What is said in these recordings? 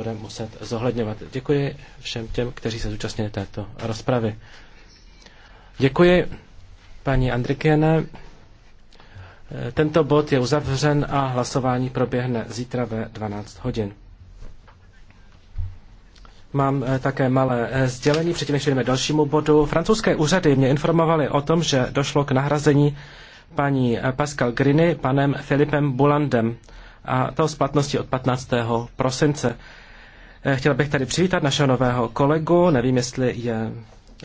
bude muset zohledňovat. Děkuji všem těm, kteří se zúčastnili této rozpravy. Děkuji paní Andrikiene. Tento bod je uzavřen a hlasování proběhne zítra ve 12 hodin. Mám eh, také malé eh, sdělení, předtím než jdeme dalšímu bodu. Francouzské úřady mě informovaly o tom, že došlo k nahrazení paní eh, Pascal Griny panem Filipem Bulandem a to z platnosti od 15. prosince. Eh, Chtěl bych tady přivítat našeho nového kolegu, nevím, jestli je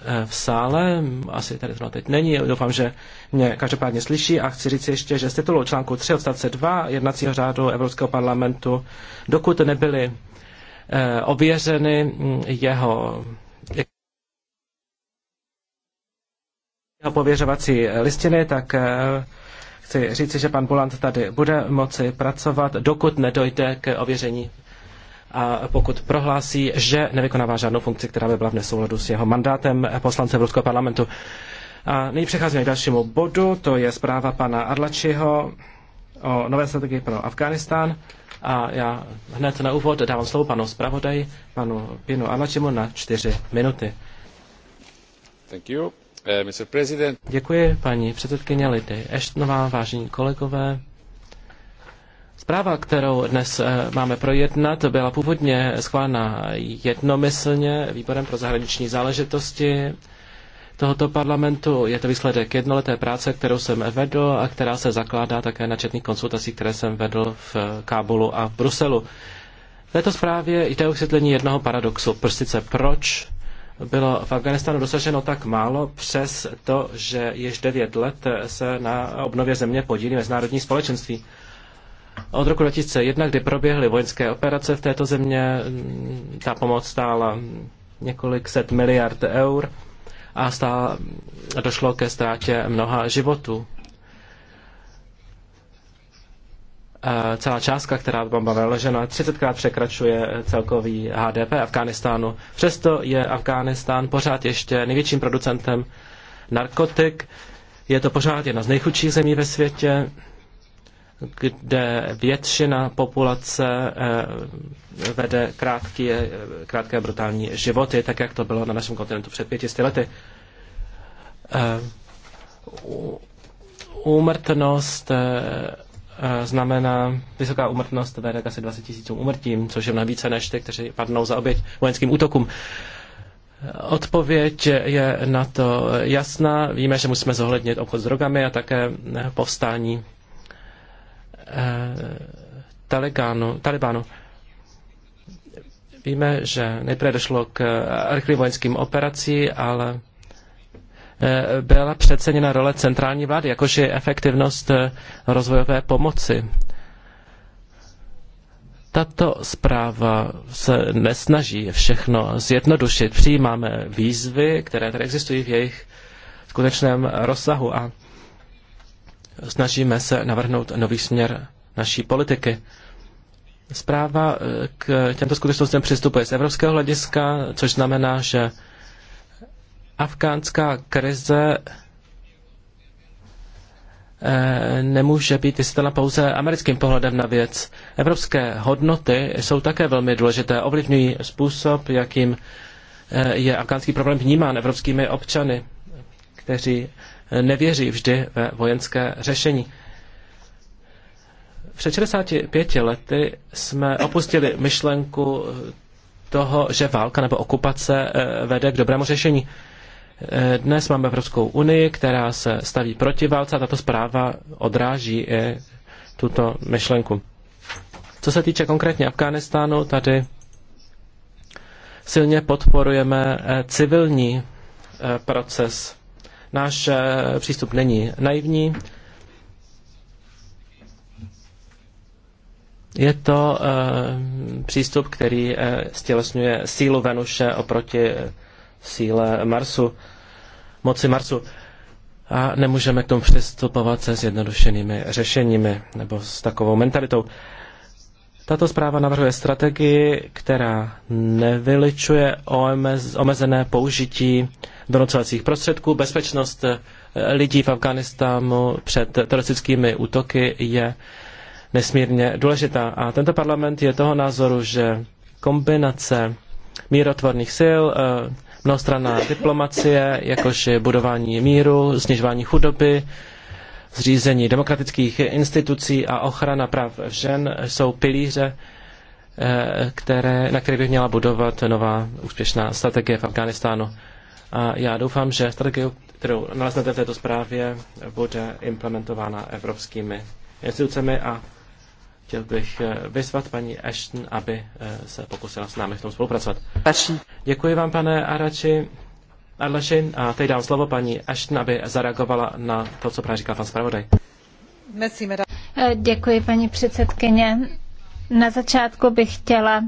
eh, v sále, asi tady to teď není, doufám, že mě každopádně slyší a chci říct ještě, že z titulu článku 3 odstavce 2 jednacího řádu Evropského parlamentu, dokud nebyly eh, ověřeny hm, jeho pověřovací listiny, tak chci říci, že pan Bulant tady bude moci pracovat, dokud nedojde k ověření pokud prohlásí, že nevykonává žádnou funkci, která by byla v nesouladu s jeho mandátem eh, poslance Evropského parlamentu. A nyní přecházíme k dalšímu bodu, to je zpráva pana Adlačiho o nové strategii pro Afghánistán. A já hned na úvod dávám slovo panu zpravodaji, panu Pinu Adlačimu na čtyři minuty. Thank you. Uh, eh, Mr. President. Děkuji, paní předsedkyně Lidy Eštnová, vážení kolegové, Zpráva, kterou dnes eh, máme projednat, byla původně schválena jednomyslně výborem pro zahraniční záležitosti tohoto parlamentu. Je to výsledek jednoleté práce, kterou jsem vedl a která se zakládá také na četných konsultacích, které jsem vedl v eh, Kábulu a v Bruselu. V této zprávě jde o vysvětlení jednoho paradoxu. Prstice proč bylo v Afganistánu dosaženo tak málo přes to, že již devět let se na obnově země podílí mezinárodní společenství. Od roku 2001, kdy proběhly vojenské operace v této země, ta pomoc stála několik set miliard eur a stála, došlo ke ztrátě mnoha životů. celá částka, která tam byla naložena, 30krát překračuje celkový HDP Afghánistánu. Přesto je Afghánistán pořád ještě největším producentem narkotik. Je to pořád jedna z nejchudších zemí ve světě kde většina populace eh, vede krátký, eh, krátké brutální životy, tak jak to bylo na našem kontinentu před 500 lety. Eh, úmrtnost znamená, vysoká úmrtnost vede k asi 20 tisícům úmrtím, což je mnohem více než ty, kteří padnou za oběť vojenským útokům. Odpověď je na to jasná. Víme, že musíme zohlednit obchod s drogami a také povstání Eh, Talibánu. Víme, že nejprve došlo k rychlým vojenským operacím, ale eh, byla přeceněna role centrální vlády, jakož je efektivnost eh, rozvojové pomoci. Tato zpráva se nesnaží všechno zjednodušit. Přijímáme výzvy, které tady existují v jejich skutečném rozsahu a snažíme se navrhnout nový směr naší politiky. Zpráva eh, k těmto skutečnostem přistupuje z evropského hlediska, což znamená, že afgánská krize eh, nemůže být vysvětlena pouze americkým pohledem na věc. Evropské hodnoty jsou také velmi důležité, ovlivňují způsob, jakým eh, je afgánský problém vnímán evropskými občany, kteří nevěří vždy ve vojenské řešení. Před 65 lety jsme opustili myšlenku toho, že válka nebo okupace eh, vede k dobrému řešení. Eh, dnes máme Evropskou unii, která se staví proti válce a tato zpráva odráží i eh, tuto myšlenku. Co se týče konkrétně Afghánistánu, tady silně podporujeme civilní proces Náš eh, přístup není naivní. Je to eh, přístup, který eh, stělesňuje sílu Venuše oproti síle Marsu, moci Marsu. A nemůžeme k tomu přistupovat se zjednodušenými řešeními nebo s takovou mentalitou. Tato zpráva navrhuje strategii, která nevyličuje omezené použití donocovacích prostředků. Bezpečnost eh, lidí v Afganistánu před teroristickými útoky je nesmírně důležitá. A tento parlament je toho názoru, že kombinace mírotvorných sil, eh, mnohostranná diplomacie, jakož je budování míru, snižování chudoby, zřízení demokratických institucí a ochrana práv žen jsou pilíře, eh, které, na které by měla budovat nová úspěšná strategie v Afghánistánu. A já doufám, že strategie, kterou naleznete v této zprávě, bude implementována evropskými institucemi a chtěl bych eh, vyzvat paní Ashton, aby eh, se pokusila s námi v tom spolupracovat. Děkuji vám, pane Arači. Arlešin a teď dám slovo paní Ashton, aby zareagovala na to, co právě říkal pan zpravodaj. Děkuji, paní předsedkyně. Na začátku bych chtěla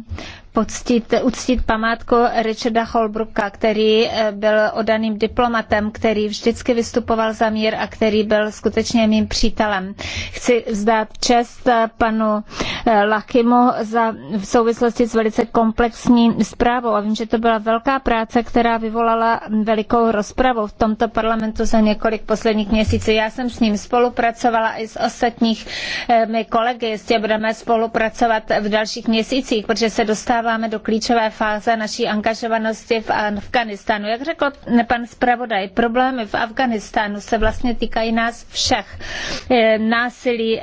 poctit, uctit památku Richarda Holbrooka, který eh, byl odaným diplomatem, který vždycky vystupoval za mír a který byl skutečně mým přítelem. Chci vzdát čest eh, panu eh, Lakimu za, v souvislosti s velice komplexní zprávou a vím, že to byla velká práce, která vyvolala velikou rozpravu v tomto parlamentu za několik posledních měsíců. Já jsem s ním spolupracovala i s ostatních kolegy, jistě budeme spolupracovat v dalších měsících, protože se dostává dostáváme do klíčové fáze naší angažovanosti v Afganistánu. Jak řekl pan zpravodaj, problémy v Afganistánu se vlastně týkají nás všech. Eh, násilí,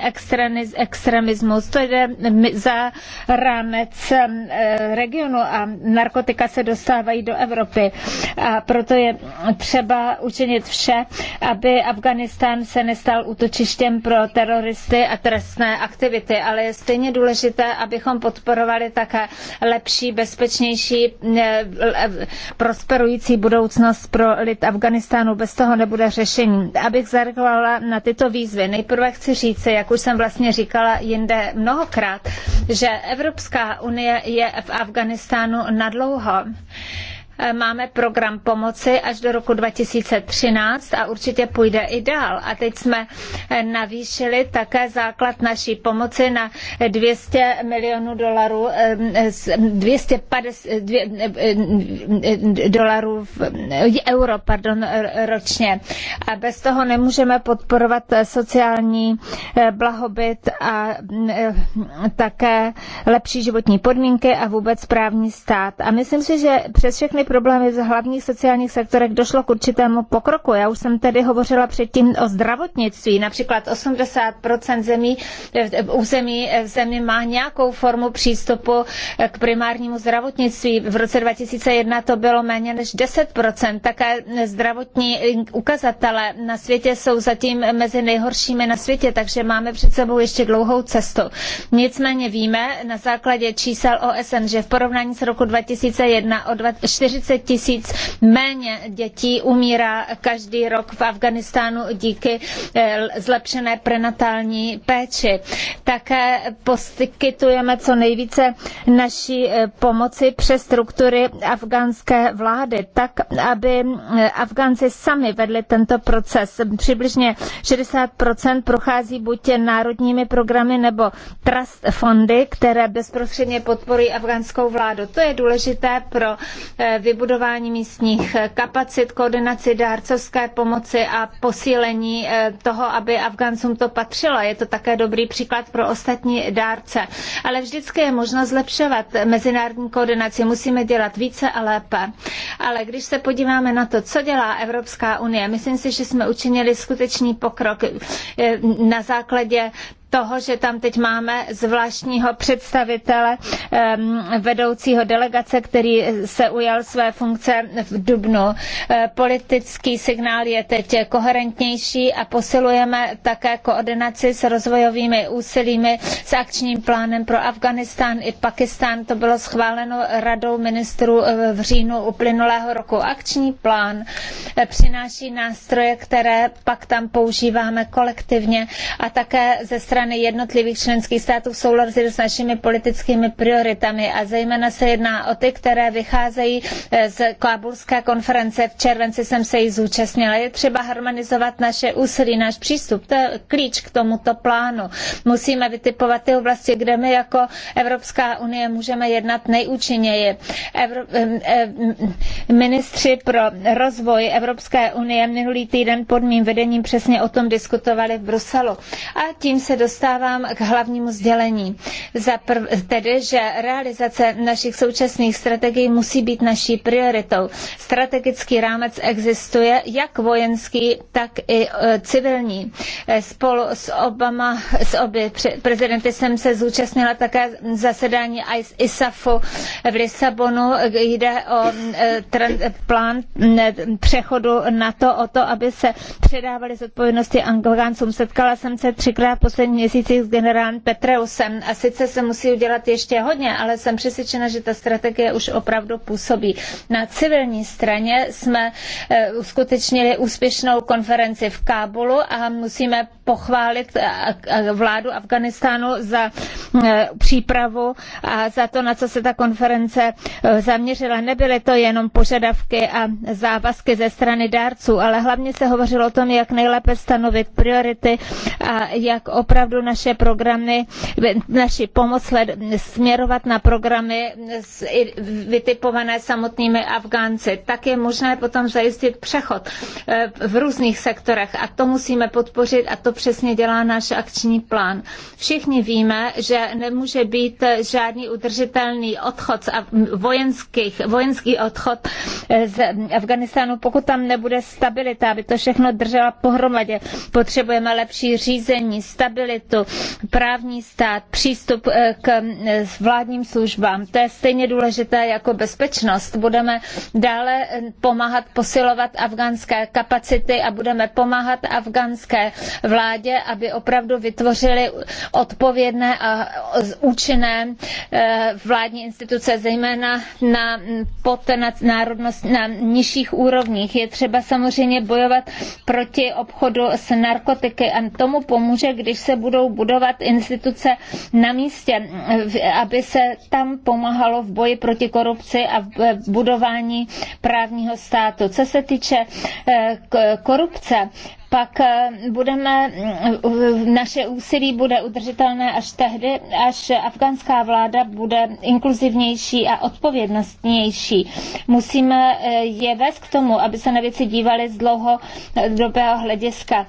extremismus, to jde za rámec eh, regionu a narkotika se dostávají do Evropy. A proto je třeba učinit vše, aby Afganistán se nestal útočištěm pro teroristy a trestné aktivity, ale je stejně důležité, abychom podporovali také lepší, bezpečnější, eh, eh, prosperující budoucnost pro lid Afganistánu. Bez toho nebude řešení. Abych zareagovala na tyto výzvy, nejprve chci říct, jak už jsem vlastně říkala jinde mnohokrát, že Evropská unie je v Afganistánu nadlouho. Eh, máme program pomoci až do roku 2013 a určitě půjde i dál. A teď jsme eh, navýšili také základ naší pomoci na 200 milionů dolarů, 250 eh, dolarů euro pardon, ročně. A bez toho nemůžeme podporovat sociální blahobyt a mm, také lepší životní podmínky a vůbec právní stát. A myslím si, že přes všechny řešili problémy v hlavních sociálních sektorech, došlo k určitému pokroku. Já už jsem tedy hovořila předtím o zdravotnictví. Například 80% zemí, eh, území eh, zemí má nějakou formu přístupu eh, k primárnímu zdravotnictví. V roce 2001 to bylo méně než 10%. Také zdravotní ukazatele na světě jsou zatím mezi nejhoršími na světě, takže máme před sebou ještě dlouhou cestu. Nicméně víme na základě čísel OSN, že v porovnání s roku 2001 o 4 40 tisíc méně dětí umírá každý rok v Afganistánu díky eh, zlepšené prenatální péči. Také poskytujeme co nejvíce naší eh, pomoci přes struktury afgánské vlády, tak aby eh, Afgánci sami vedli tento proces. Přibližně 60% prochází buď národními programy nebo trust fondy, které bezprostředně podporují afgánskou vládu. To je důležité pro vybudování místních kapacit, koordinaci dárcovské pomoci a posílení eh, toho, aby Afgáncům to patřilo. Je to také dobrý příklad pro ostatní dárce. Ale vždycky je možno zlepšovat mezinárodní koordinaci. Musíme dělat více a lépe. Ale když se podíváme na to, co dělá Evropská unie, myslím si, že jsme učinili skutečný pokrok eh, na základě toho, že tam teď máme zvláštního představitele vedoucího delegace, který se ujal své funkce v Dubnu. E, politický signál je teď koherentnější a posilujeme také koordinaci s rozvojovými úsilími s akčním plánem pro Afghánistán i Pakistán. To bylo schváleno radou ministrů e, v říjnu uplynulého roku. Akční plán e, přináší nástroje, které pak tam používáme kolektivně a také ze strany strany jednotlivých členských států v souladu s našimi politickými prioritami a zejména se jedná o ty, které vycházejí eh, z Kábulské konference. V červenci jsem se jí zúčastnila. Je třeba harmonizovat naše úsilí, náš přístup. To je klíč k tomuto plánu. Musíme vytipovat ty oblasti, kde my jako Evropská unie můžeme jednat nejúčinněji. Evro- eh, eh, ministři pro rozvoj Evropské unie minulý týden pod mým vedením přesně o tom diskutovali v Bruselu. A tím se dostává dostávám k hlavnímu sdělení. Prv, tedy, že realizace našich současných strategií musí být naší prioritou. Strategický rámec existuje jak vojenský, tak i e, civilní. E, spolu s obama, s oby prezidenty jsem se zúčastnila také zasedání ISAFu v Lisabonu. Jde o e, plán přechodu na to, o to, aby se předávaly zodpovědnosti Anglikáncům. Setkala jsem se třikrát poslední měsících s generálem Petreusem a sice se musí udělat ještě hodně, ale jsem přesvědčena, že ta strategie už opravdu působí. Na civilní straně jsme eh, uskutečnili úspěšnou konferenci v Kábulu a musíme pochválit vládu Afganistánu za e, přípravu a za to, na co se ta konference e, zaměřila. Nebyly to jenom požadavky a závazky ze strany dárců, ale hlavně se hovořilo o tom, jak nejlépe stanovit priority a jak opravdu naše programy, naši pomoc směrovat na programy vytipované samotnými Afgánci. Tak je možné potom zajistit přechod e, v různých sektorech a to musíme podpořit a to přesně dělá náš akční plán. Všichni víme, že nemůže být žádný udržitelný odchod z vojenských, vojenský odchod eh, z Afganistánu, pokud tam nebude stabilita, aby to všechno držela pohromadě. Potřebujeme lepší řízení, stabilitu, právní stát, přístup eh, k eh, vládním službám. To je stejně důležité jako bezpečnost. Budeme dále pomáhat posilovat afgánské kapacity a budeme pomáhat afgánské vládě vládě, aby opravdu vytvořili odpovědné a účinné eh, vládní instituce, zejména na podnárodnost na nižších úrovních. Je třeba samozřejmě bojovat proti obchodu s narkotiky a tomu pomůže, když se budou budovat instituce na místě, aby se tam pomáhalo v boji proti korupci a v eh, budování právního státu. Co se týče eh, korupce, pak eh, budeme, eh, naše úsilí bude udržitelné až tehdy, až afgánská vláda bude inkluzivnější a odpovědnostnější. Musíme eh, je vést k tomu, aby se na věci dívali z dlouhodobého hlediska.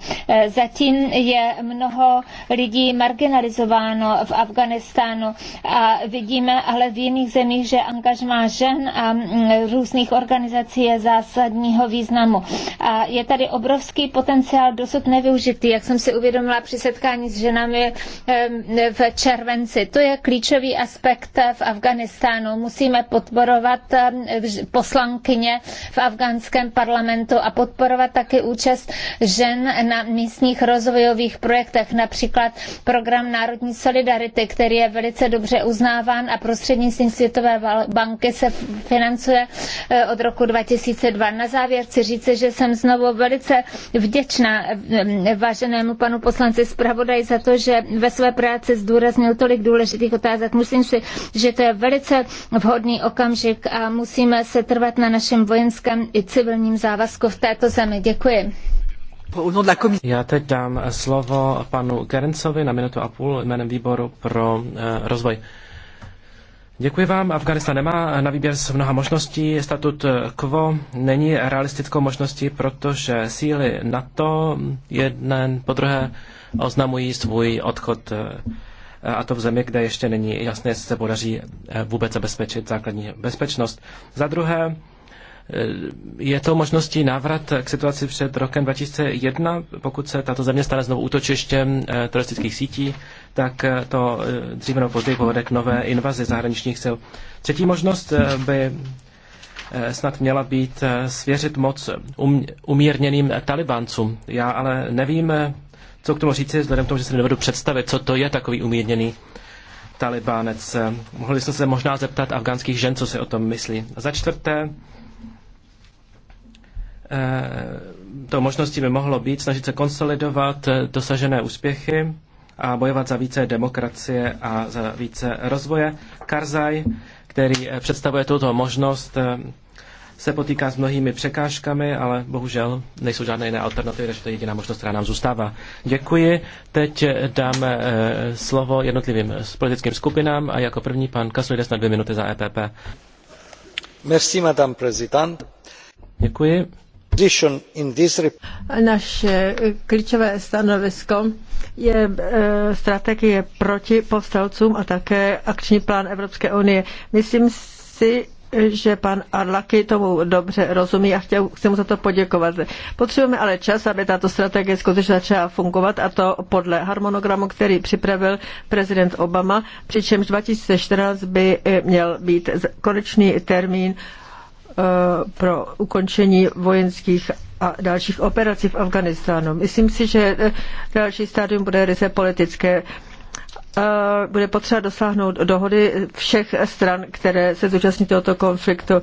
Zatím je mnoho lidí marginalizováno v Afganistánu a vidíme ale v jiných zemích, že angažmá žen a mm, různých organizací je zásadního významu. A je tady obrovský potenciál potenciál dosud nevyužitý, jak jsem si uvědomila při setkání s ženami v červenci. To je klíčový aspekt v Afganistánu. Musíme podporovat poslankyně v afgánském parlamentu a podporovat také účast žen na místních rozvojových projektech, například program Národní solidarity, který je velice dobře uznáván a prostřednictvím Světové banky se financuje eh, od roku 2002. Na závěr chci říci, že jsem znovu velice vděčná vděčná váženému panu poslanci zpravodaj za to, že ve své práci zdůraznil tolik důležitých otázek. Myslím si, že to je velice vhodný okamžik a musíme se trvat na našem vojenském i civilním závazku v této zemi. Děkuji. Já teď dám slovo panu Gerencovi na minutu a půl jménem výboru pro eh, rozvoj. Děkuji vám. Afganistan nemá na výběr z mnoha možností. Statut eh, quo není realistickou možností, protože síly NATO jeden po druhé oznamují svůj odchod eh, a to v zemi, kde ještě není jasné, jestli se podaří eh, vůbec zabezpečit základní bezpečnost. Za druhé, je to možností návrat k situaci před rokem 2001, pokud se tato země stane znovu útočištěm teroristických sítí tak eh, to eh, dříve nebo později povede k nové invazi zahraničních sil. Třetí možnost eh, by snad měla být svěřit moc um, umírněným talibáncům. Já ale nevím, co k tomu říci, vzhledem k tomu, že si nedovedu představit, co to je takový umírněný talibánec. Mohli jsme se možná zeptat afgánských žen, co si o tom myslí. Za čtvrté, to možností by mohlo být snažit se konsolidovat dosažené úspěchy a bojovat za více demokracie a za více rozvoje. Karzaj, který eh, představuje tuto možnost, eh, se potýká s mnohými překážkami, ale bohužel nejsou žádné jiné alternativy, takže to je jediná možnost, která nám zůstává. Děkuji. Teď dáme eh, slovo jednotlivým politickým skupinám a jako první pan Kaslides na dvě minuty za EPP. Merci, madame prezident. Děkuji. Naše klíčové stanovisko je e, strategie proti povstalcům a také akční plán Evropské unie. Myslím si, že pan Arlaky tomu dobře rozumí a chtěl, chci mu za to poděkovat. Potřebujeme ale čas, aby tato strategie skutečně začala fungovat a to podle harmonogramu, který připravil prezident Obama, přičemž 2014 by měl být konečný termín Eh, pro ukončení vojenských a dalších operací v Afganistánu. Myslím si, že eh, další stádium bude ryze politické. Eh, bude potřeba dosáhnout dohody všech stran, které se zúčastní tohoto konfliktu.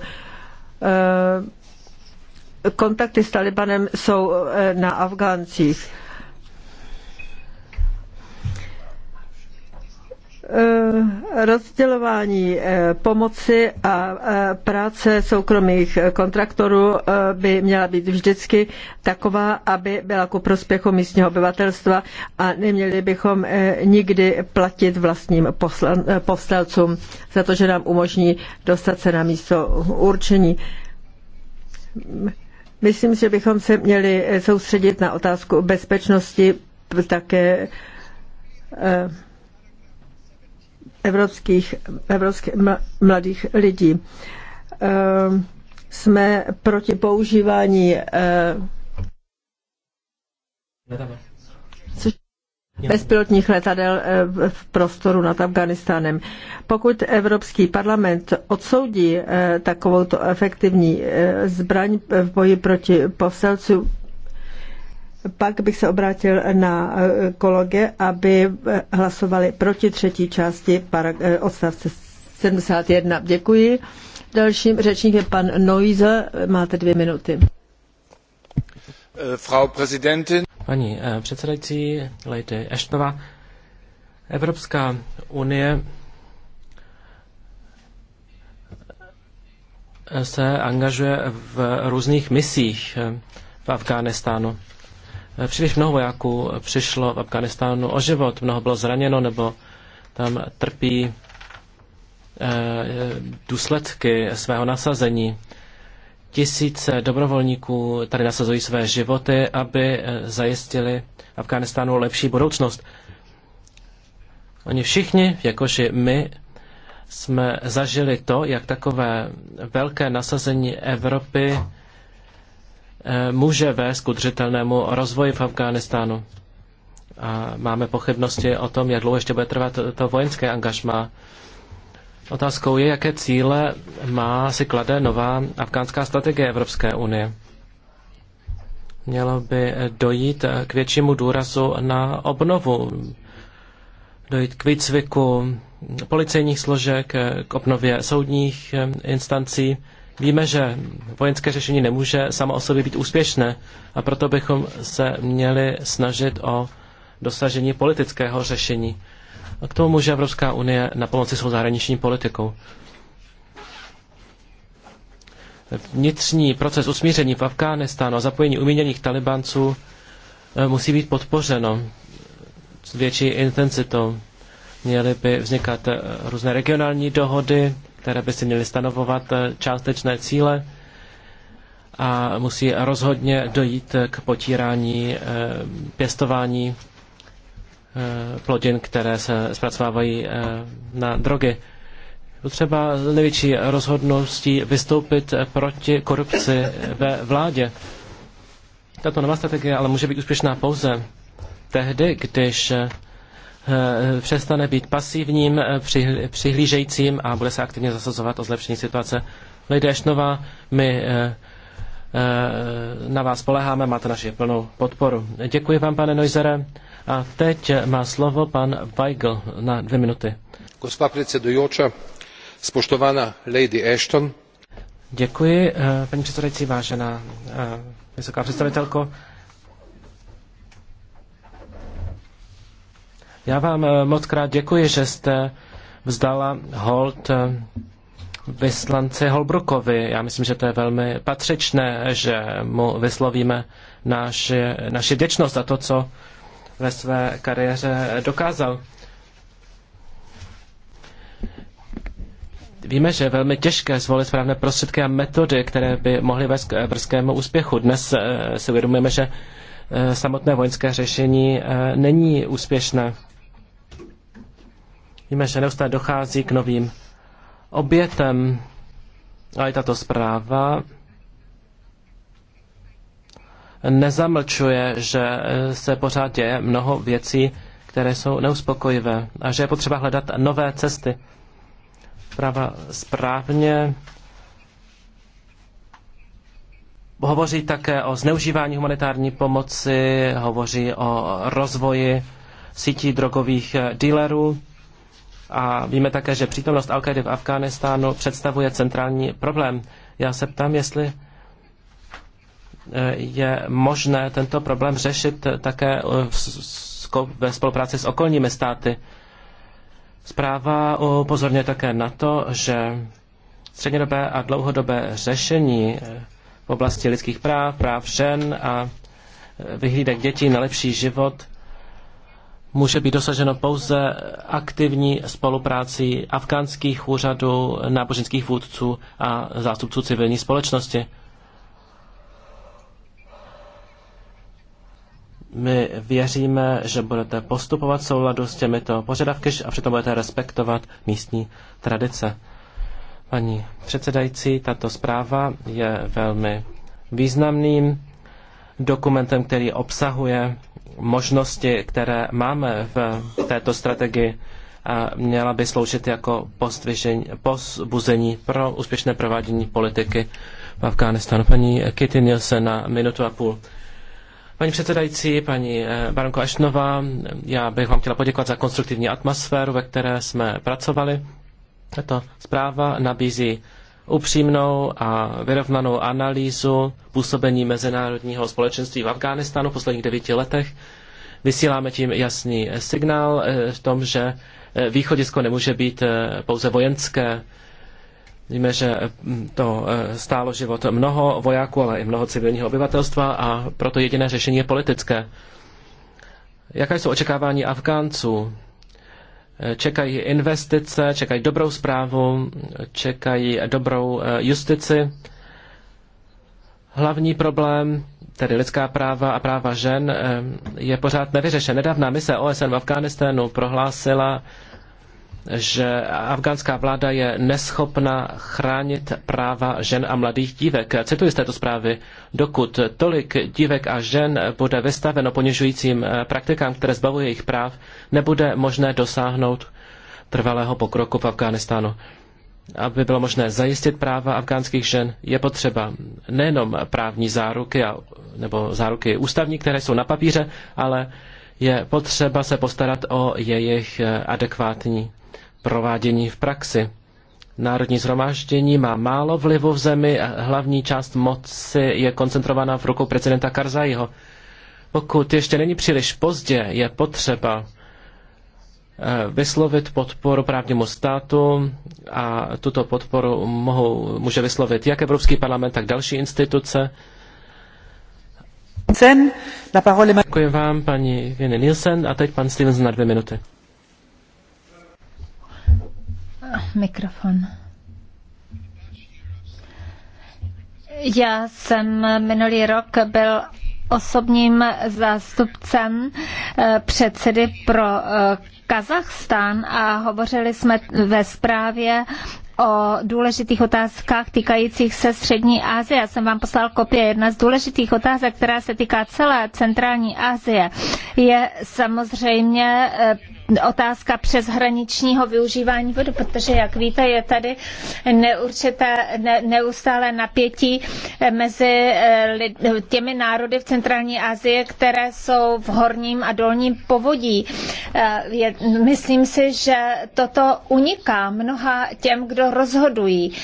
Kontakty s Talibanem jsou na Afgáncích Eh, rozdělování eh, pomoci a eh, práce soukromých kontraktorů by měla být vždycky taková, aby byla ku prospěchu místního obyvatelstva a neměli bychom nikdy platit vlastním povstalcům za to, že nám umožní dostat se na místo určení. Myslím, že bychom se měli soustředit na otázku bezpečnosti také evropských, evropských mladých lidí. Ehm, jsme proti používání eh, bezpilotních letadel eh, v prostoru nad Afganistánem. Pokud Evropský parlament odsoudí eh, takovouto efektivní zbraň v boji proti povstalcům, pak bych se obrátil na eh, kolege, aby eh, hlasovali proti třetí části eh, odstavce 71. Děkuji. Dalším řečník je pan Noise. Máte dvě minuty. Frau Präsidentin. Paní předsedající, Lady Eštova, Evropská unie se angažuje v různých misích v Afghánistánu. Příliš mnoho vojáků přišlo v Afganistánu o život, mnoho bylo zraněno nebo tam trpí eh, důsledky svého nasazení. Tisíce dobrovolníků tady nasazují své životy, aby eh, zajistili Afganistánu lepší budoucnost. Oni všichni, jakož i my, jsme zažili to, jak takové velké nasazení Evropy Eh, může vést k udržitelnému rozvoji v Afghánistánu. A máme pochybnosti o tom, jak dlouho ještě bude trvat to vojenské angažma. Otázkou je, jaké cíle má si klade nová afgánská strategie Evropské unie. Mělo by dojít k většímu důrazu na obnovu, dojít k výcviku policejních složek, k obnově soudních eh, instancí, Víme, že vojenské řešení nemůže samo o sobě být úspěšné a proto bychom se měli snažit o dosažení politického řešení. A k tomu může Evropská unie na pomoci svou zahraniční politikou. Vnitřní proces usmíření v Afghánistánu a zapojení umíněných talibanců eh, musí být podpořeno s větší intenzitou. Měly by vznikat eh, různé regionální dohody, které by si měly stanovovat eh, částečné cíle a musí rozhodně dojít k potírání eh, pěstování eh, plodin, které se zpracovávají na drogy. Potřeba největší rozhodností vystoupit proti korupci ve vládě. Tato nová strategie ale může být úspěšná pouze tehdy, když Eh, přestane být pasivním, eh, přihlížejícím a bude se aktivně zasazovat o zlepšení situace. Lady Ashtonová, my eh, na vás poleháme, máte naši plnou podporu. Děkuji vám, pane Neuzere. A teď má slovo pan Weigl na dvě minuty. Gospa předsedujoča, spoštovaná Lady Ashton. Děkuji, paní předsedající, vážená vysoká představitelko. Já vám eh, moc krát děkuji, že jste vzdala hold eh, vyslanci Holbrukovi. Já myslím, že to je velmi patřičné, že mu vyslovíme naši, naši děčnost za to, co ve své kariéře dokázal. Víme, že je velmi těžké zvolit správné prostředky a metody, které by mohly vést k eh, brzkému úspěchu. Dnes si uvědomujeme, že samotné vojenské řešení není úspěšné. Víme, že neustále dochází k novým obětem, ale i tato zpráva nezamlčuje, že se pořád děje mnoho věcí, které jsou neuspokojivé a že je potřeba hledat nové cesty. Zpráva správně hovoří také o zneužívání humanitární pomoci, hovoří o rozvoji sítí drogových dílerů. A víme také, že přítomnost al v Afghánistánu představuje centrální problém. Já se ptám, jestli eh, je možné tento problém řešit eh, také eh, ve spolupráci s okolními státy. Zpráva upozorňuje také na to, že střednědobé a dlouhodobé řešení v oblasti lidských práv, práv žen a vyhlídek dětí na lepší život může být dosaženo pouze aktivní spolupráci afgánských úřadů, náboženských vůdců a zástupců civilní společnosti. My věříme, že budete postupovat souladu s těmito požadavky a přitom budete respektovat místní tradice. Paní předsedající, tato zpráva je velmi významným dokumentem, který obsahuje možnosti, které máme v této strategii, měla by sloužit jako pozbuzení pro úspěšné provádění politiky v Afghánistánu. Paní Kitty Nielsen na minutu a půl. Paní předsedající, paní eh, Baronko Ašnová, já bych vám chtěla poděkovat za konstruktivní atmosféru, ve které jsme pracovali. Tato zpráva nabízí upřímnou a vyrovnanou analýzu působení mezinárodního společenství v Afghánistánu v posledních devíti letech. Vysíláme tím jasný signál eh, v tom, že eh, východisko nemůže být eh, pouze vojenské. Víme, že hm, to stálo život mnoho vojáků, ale i mnoho civilního obyvatelstva a proto jediné řešení je politické. Jaká jsou očekávání Afgánců? Čekají investice, čekají dobrou zprávu, čekají dobrou eh, justici. Hlavní problém, tedy lidská práva a práva žen, eh, je pořád nevyřešen. Nedávná mise OSN v Afghánistánu prohlásila, že afgánská vláda je neschopna chránit práva žen a mladých dívek. Cituji z této zprávy. Dokud tolik dívek a žen bude vystaveno ponižujícím eh, praktikám, které zbavují jejich práv, nebude možné dosáhnout trvalého pokroku v Afghánistánu. Aby bylo možné zajistit práva afgánských žen, je potřeba nejenom právní záruky a, nebo záruky ústavní, které jsou na papíře, ale je potřeba se postarat o jejich eh, adekvátní provádění v praxi. Národní zhromáždění má málo vlivu v zemi, hlavní část moci je koncentrovaná v rukou prezidenta Karzajího. Pokud ještě není příliš pozdě, je potřeba eh, vyslovit podporu právnímu státu a tuto podporu mohou, může vyslovit jak Evropský parlament, tak další instituce. Děkuji vám, paní Jenny Nielsen, a teď pan Stevens na dvě minuty. Mikrofon. Já jsem minulý rok byl osobním zástupcem eh, předsedy pro eh, Kazachstán a hovořili jsme ve zprávě o důležitých otázkách týkajících se Střední Asie. Já jsem vám poslal kopie. Jedna z důležitých otázek, která se týká celé centrální Asie, je samozřejmě eh, otázka přeshraničního využívání vody, protože, jak víte, je tady neurčité, ne, neustále napětí eh, mezi eh, těmi národy v centrální Asii, které jsou v horním a dolním povodí. Eh, je, myslím si, že toto uniká mnoha těm, kdo rozhodují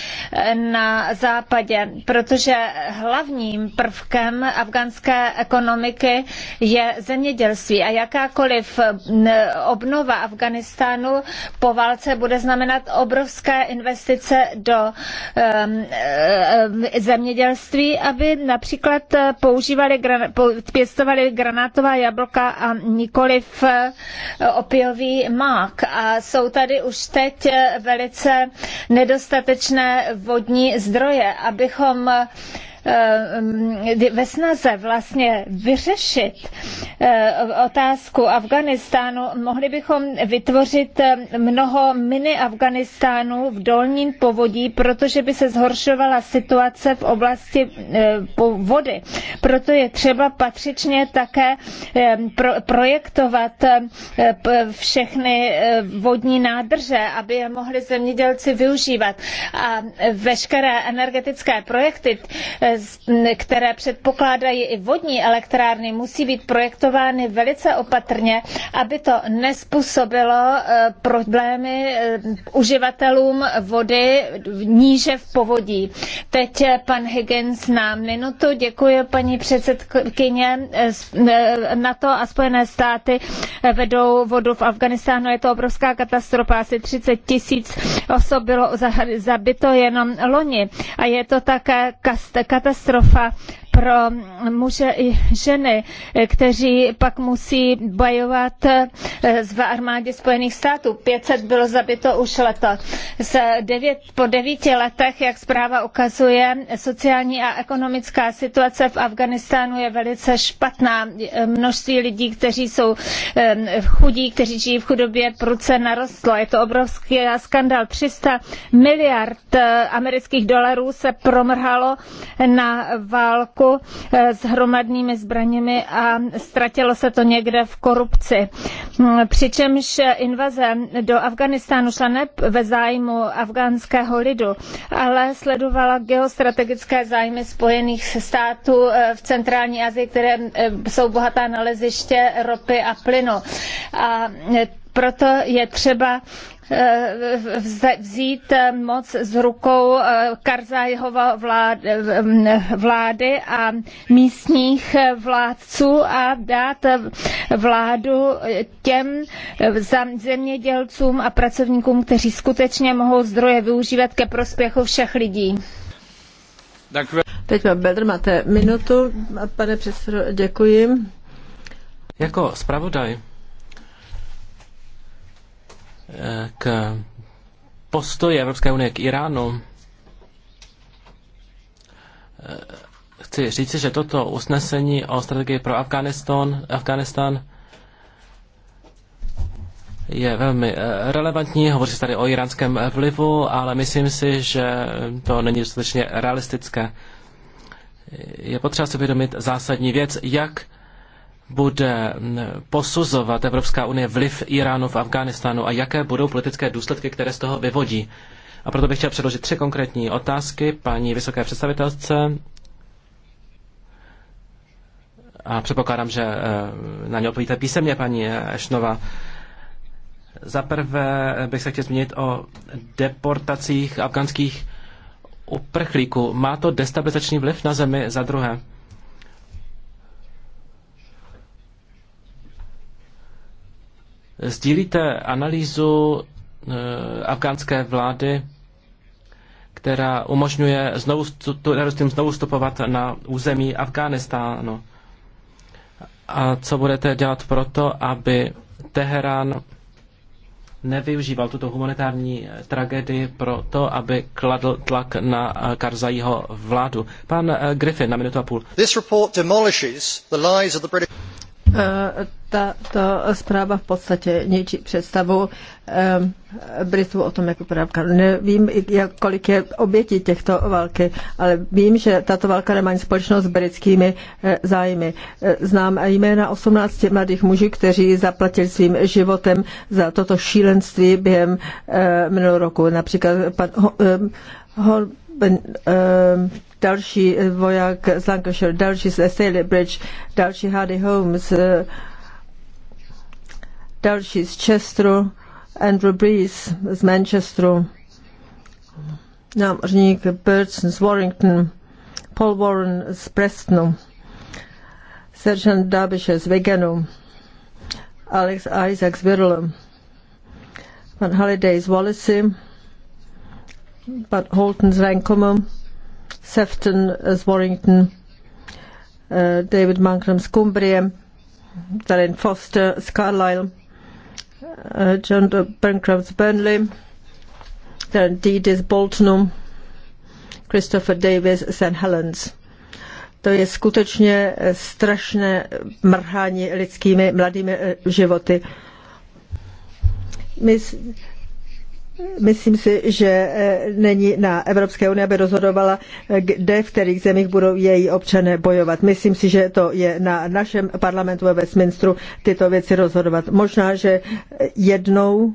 na západě, protože hlavním prvkem afgánské ekonomiky je zemědělství a jakákoliv obnova obnova Afganistánu po válce bude znamenat obrovské investice do ehm, ehm, zemědělství, aby například používali, pěstovali granátová jablka a nikoliv eh, opiový mák. A jsou tady už teď eh, velice nedostatečné vodní zdroje, abychom Eh, eh, ve snaze vlastně vyřešit eh, otázku Afganistánu, mohli bychom vytvořit mnoho mini Afganistánů v dolním povodí, protože by se zhoršovala situace v oblasti vody. Proto je třeba patřičně také projektovat všechny vodní nádrže, aby je mohli zemědělci využívat. A veškeré energetické projekty které předpokládají i vodní elektrárny, musí být projektovány velice opatrně, aby to nespůsobilo e, problémy e, uživatelům vody níže v povodí. Teď e, pan Higgins na minutu. Děkuji paní předsedkyně. Na to a Spojené státy vedou vodu v Afganistánu. Je to obrovská katastrofa. Asi 30 tisíc osob bylo zabito jenom loni. A je to také kast- katastrofa pro muže i ženy, kteří pak musí bojovat eh, v armádě Spojených států. 500 bylo zabito už leto. Z devět, po devíti letech, jak zpráva ukazuje, sociální a ekonomická situace v Afghánistánu je velice špatná. Množství lidí, kteří jsou eh, chudí, kteří žijí v chudobě, prudce narostlo. Je to obrovský skandal. 300 miliard eh, amerických dolarů se promrhalo na válku Eh, s hromadnými zbraněmi a ztratilo se to někde v korupci. Mm, přičemž invaze do Afganistánu šla ne ve zájmu afgánského lidu, ale sledovala geostrategické zájmy Spojených států eh, v centrální Asii, které eh, jsou bohatá na ropy a plynu. A proto je třeba vzít eh, moc z rukou eh, Karzajhova eh, vlády a místních vládců a dát vládu těm zemědělcům a pracovníkům, kteří skutečně mohou zdroje využívat ke prospěchu všech lidí. Teď mám Bedr, máte minutu. Pane předsedo, děkuji. Jako zpravodaj k postoji Evropské unie k Iránu, chci říct, že toto usnesení o strategii pro Afganistán, Afganistán je velmi eh, relevantní. Hovoří se tady o iránském vlivu, ale myslím si, že to není dostatečně realistické. Je potřeba si uvědomit zásadní věc, jak bude posuzovat Evropská unie vliv Iránu v Afghánistánu a jaké budou politické důsledky, které z toho vyvodí. A proto bych chtěl předložit tři konkrétní otázky paní vysoké představitelce. A předpokládám, že eh, na ně odpovíte písemně, paní Ešnova. Za prvé bych se chtěl zmínit o deportacích afgánských uprchlíků. Má to destabilizační vliv na zemi? Za druhé, Sdílíte analýzu eh, afgánské vlády, která umožňuje znovu, teroristům znovu vstupovat na území Afghánistánu. A co budete dělat proto, aby Teherán nevyužíval tuto humanitární eh, tragédii pro to, aby kladl tlak na eh, Karzajího vládu. Pan Griffin na minutu a půl. Eh, tato zpráva v podstatě něčí představu eh, Britů o tom, jako vypadá Nevím, Nevím, kolik je obětí těchto války, ale vím, že tato válka nemá nic společného s britskými eh, zájmy. Znám jména 18 mladých mužů, kteří zaplatili svým životem za toto šílenství během minulého roku. Například pan Ehm, další eh, voják z Lancashire, další z Estelle Bridge, další Hardy Holmes, eh, další z Chesteru, Andrew Breeze z Manchesteru, námořník Burton z Warrington, Paul Warren z Prestonu, Sergeant Derbyshire z Wiganu, Alex Isaac z Virlum, Van Halliday z Wallasey, But Holton z Vancomer, Sefton as Warrington, eh, David Mankram Cumbria, Darren Foster z Carlisle, eh, John Bancroft's Burnley, Darren Deedy z Boltonu, Christopher Davis St. Helens. To je skutečně eh, strašné mrhání lidskými mladými životy. My Myslím si, že e, není na Evropské unii, aby rozhodovala, kde v kterých zemích budou její občané bojovat. Myslím si, že to je na našem parlamentu ve Westminsteru tyto věci rozhodovat. Možná, že jednou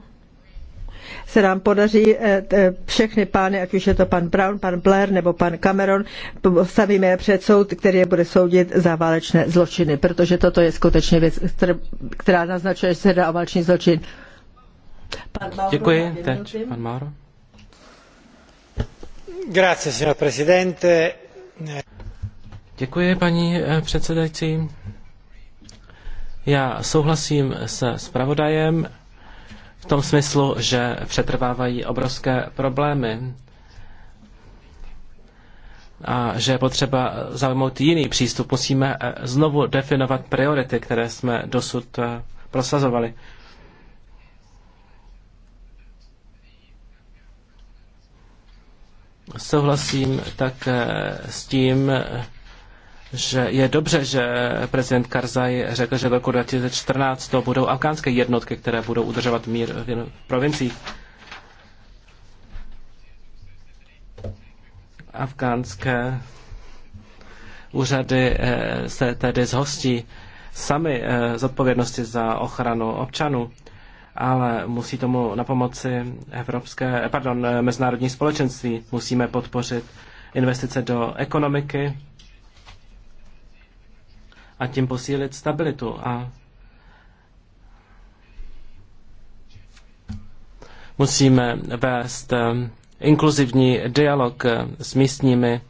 se nám podaří e, všechny pány, ať už je to pan Brown, pan Blair nebo pan Cameron, stavíme je před soud, který je bude soudit za válečné zločiny, protože toto je skutečně věc, která naznačuje, že se dá o válečný zločin Pan Mauro, Děkuji. Teď pan Mauro. Grazie, signor presidente. Děkuji, paní eh, předsedající. Já souhlasím se zpravodajem v tom smyslu, že přetrvávají obrovské problémy a že je potřeba zaujmout jiný přístup. Musíme eh, znovu definovat priority, které jsme dosud eh, prosazovali. Souhlasím také s tím, že je dobře, že prezident Karzaj řekl, že do roku 2014 to budou afgánské jednotky, které budou udržovat mír v provinciích. Afgánské úřady eh, se tedy zhostí sami eh, zodpovědnosti za ochranu občanů ale musí tomu na pomoci evropské, pardon, mezinárodní společenství. Musíme podpořit investice do ekonomiky a tím posílit stabilitu a musíme vést eh, inkluzivní dialog eh, s místními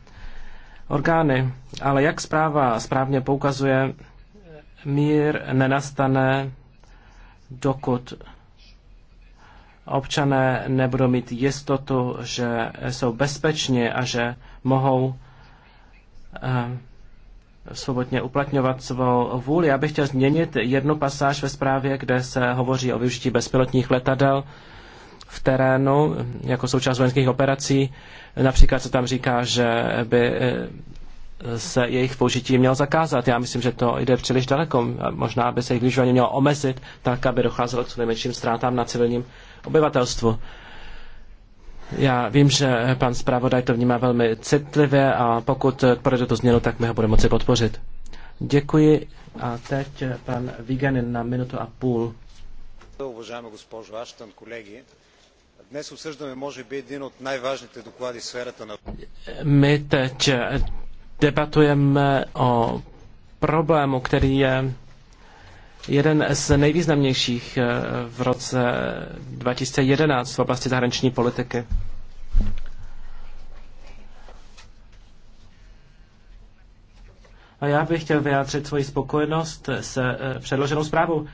orgány. Ale jak zpráva správně poukazuje, mír nenastane, dokud občané nebudou mít jistotu, že jsou bezpeční a že mohou eh, svobodně uplatňovat svou vůli. Já bych chtěl změnit jednu pasáž ve zprávě, kde se hovoří o využití bezpilotních letadel v terénu jako součást vojenských operací. Například se tam říká, že by eh, se jejich použití mělo zakázat. Já myslím, že to jde příliš daleko. Možná by se jejich využívání mělo omezit, tak aby docházelo k co nejmenším ztrátám na civilním obyvatelstvu. Já vím, že pan zpravodaj to vnímá velmi citlivě a pokud projde tuto změnu, tak my ho budeme moci podpořit. Děkuji a teď pan Viganin na minutu a půl. Уважаема госпожо Аштън, колеги, днес обсъждаме dnes usrždujeme může být jeden od nejvážnějších dokladů sférata na... My teď дебатуем о проблему, který е jeden z nejvýznamnějších eh, v roce 2011 v oblasti zahraniční politiky. A já bych chtěl vyjádřit svoji spokojenost s eh, předloženou zprávou.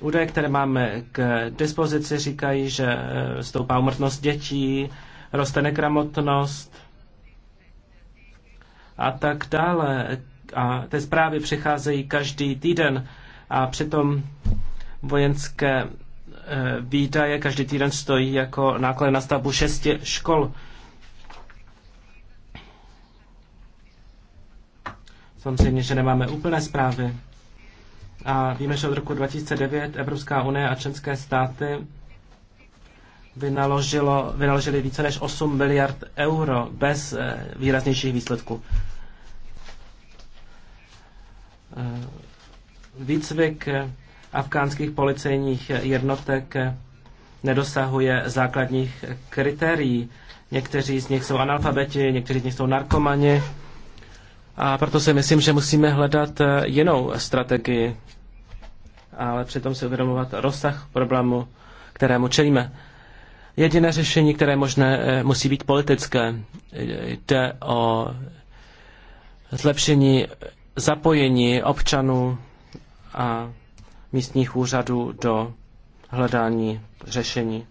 Údaje, které máme k dispozici, říkají, že eh, stoupá umrtnost dětí, roste nekramotnost a tak dále a ty zprávy přicházejí každý týden a přitom vojenské e, výdaje každý týden stojí jako náklad na stavbu šesti škol. Samozřejmě, že nemáme úplné zprávy. A víme, že od roku 2009 Evropská unie a členské státy vynaložilo, vynaložili více než 8 miliard euro bez e, výraznějších výsledků. Eh, výcvik eh, afgánských policejních jednotek eh, nedosahuje základních kritérií. Někteří z nich jsou analfabeti, někteří z nich jsou narkomani. A proto si myslím, že musíme hledat jinou strategii, ale přitom si uvědomovat rozsah problému, kterému čelíme. Jediné řešení, které možné, musí být politické. Jde o zlepšení zapojení občanů a místních úřadů do hledání řešení.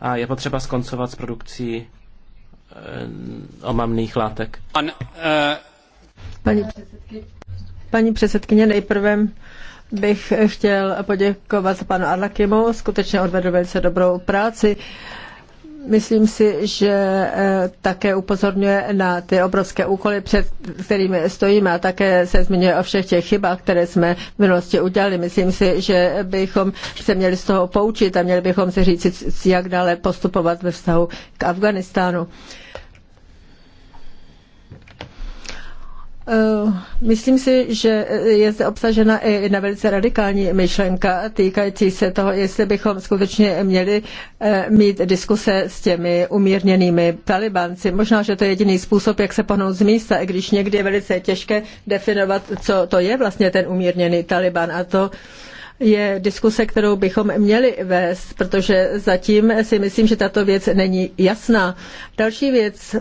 A je potřeba skoncovat s produkcí eh, omamných látek. An, uh... Eh, paní předsedkyně, paní předsedkyně, nejprve bych chtěl poděkovat panu Arlakimu, skutečně odvedl velice dobrou práci. Uh, Myslím si, že eh, také upozorňuje na ty obrovské úkoly, před kterými stojíme a také se zmiňuje o všech těch chybách, které jsme v minulosti udělali. Myslím si, že bychom se měli z toho poučit a měli bychom si říct, jak dále postupovat ve vztahu k Afganistánu. Uh, Eh, myslím si, že je zde obsažena i jedna velice radikální myšlenka týkající se toho, jestli bychom skutečně měli eh, mít diskuse s těmi umírněnými talibanci. Možná, že to je jediný způsob, jak se pohnout z místa, i když někdy je velice těžké definovat, co to je vlastně ten umírněný taliban a to je diskuse, kterou bychom měli vést, protože zatím si myslím, že tato věc není jasná. Další věc,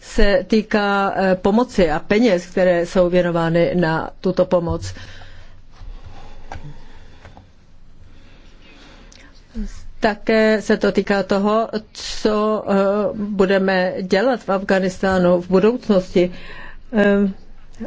se týká eh, pomoci a peněz, které jsou věnovány na tuto pomoc. Také se to týká toho, co eh, budeme dělat v Afganistánu v budoucnosti. Eh,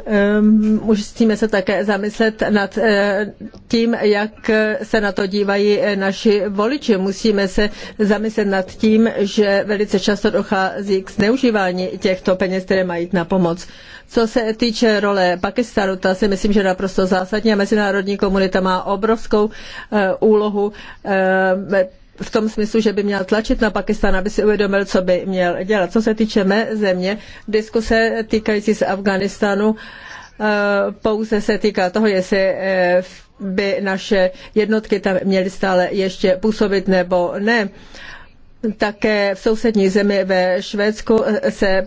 Ehm, musíme se také zamyslet nad eh, tím, jak se na to dívají eh, naši voliči. Musíme se zamyslet nad tím, že velice často dochází k zneužívání těchto peněz, které mají na pomoc. Co se týče role Pakistánu, ta si myslím, že je naprosto zásadní a mezinárodní komunita má obrovskou eh, úlohu ehm, v tom smyslu, že by měl tlačit na Pakistan, aby si uvědomil, co by měl dělat. Co se týče mé země, diskuse týkající se Afganistánu eh, pouze se týká toho, jestli eh, by naše jednotky tam měly stále ještě působit nebo ne. Také v sousední zemi ve Švédsku eh, se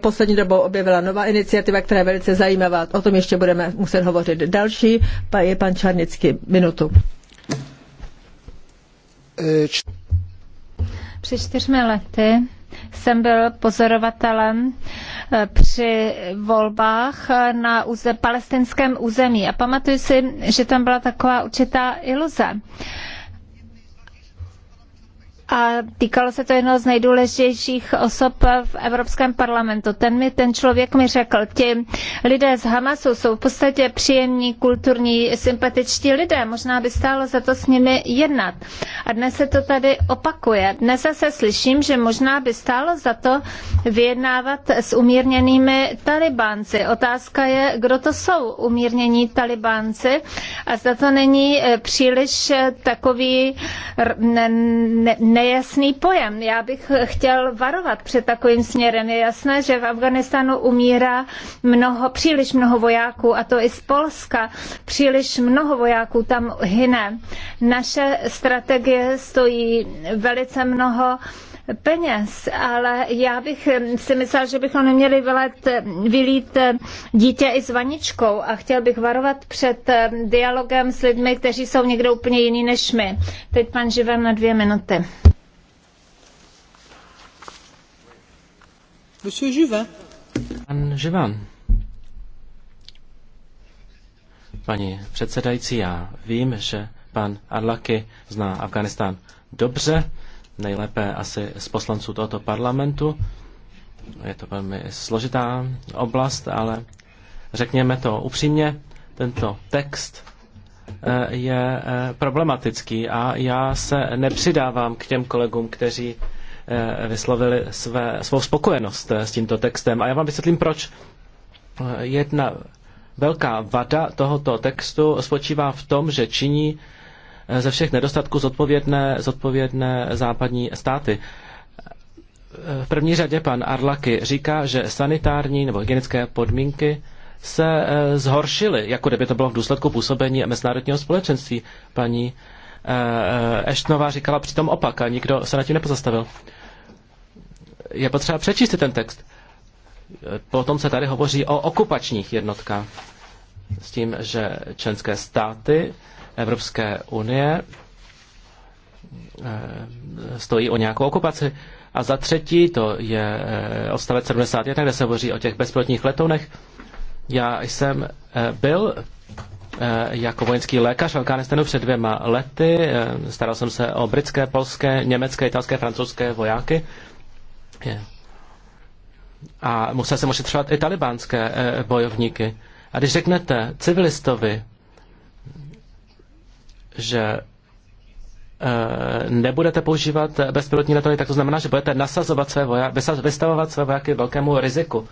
poslední dobou objevila nová iniciativa, která je velice zajímavá. O tom ještě budeme muset hovořit další. je pan Čarnický, minutu. Před čtyřmi lety jsem byl pozorovatelem eh, při volbách na palestinském území a pamatuju si, že tam byla taková určitá iluze a týkalo se to jednoho z nejdůležitějších osob v Evropském parlamentu. Ten, mi, ten člověk mi řekl, ti lidé z Hamasu jsou v podstatě příjemní, kulturní, sympatičtí lidé. Možná by stálo za to s nimi jednat. A dnes se to tady opakuje. Dnes zase slyším, že možná by stálo za to vyjednávat s umírněnými talibánci. Otázka je, kdo to jsou umírnění talibánci a zda to není eh, příliš eh, takový ne, ne, nejasný pojem. Já bych chtěl varovat před takovým směrem. Je jasné, že v Afganistánu umírá mnoho, příliš mnoho vojáků, a to i z Polska. Příliš mnoho vojáků tam hyne. Naše strategie stojí velice mnoho peněz, ale já bych si myslela, že bychom neměli vylet, vylít dítě i s vaničkou a chtěl bych varovat před dialogem s lidmi, kteří jsou někdo úplně jiný než my. Teď pan Živem na dvě minuty. Monsieur Juvin. Pan Paní předsedající, já vím, že pan Arlaki zná Afganistán dobře, nejlépe asi z poslanců tohoto parlamentu. Je to velmi složitá oblast, ale řekněme to upřímně, tento text eh, je eh, problematický a já se nepřidávám k těm kolegům, kteří Eh, vyslovili své, svou spokojenost eh, s tímto textem. A já vám vysvětlím, proč. Eh, jedna velká vada tohoto textu spočívá v tom, že činí ze všech nedostatků zodpovědné, zodpovědné západní státy. V první řadě pan Arlaky říká, že sanitární nebo hygienické podmínky se zhoršily, jako kdyby to bylo v důsledku působení mezinárodního společenství. Paní Eh, eh, Eštnová říkala přitom opak a nikdo se na tím nepozastavil. Je potřeba přečíst ten text. Potom se tady hovoří o okupačních jednotkách s tím, že členské státy Evropské unie eh, stojí o nějakou okupaci. A za třetí, to je odstavec 71, kde se hovoří o těch bezpilotních letounech. Já jsem byl Eh, jako vojenský lékař v Afganistanu před dvěma lety. Eh, staral jsem se o britské, polské, německé, italské, francouzské vojáky. A musel jsem ošetřovat i talibánské eh, bojovníky. A když řeknete civilistovi, že nebudete používat bezpilotní letouny, tak to znamená, že budete nasazovat své vojáky, vystavovat své vojáky velkému riziku.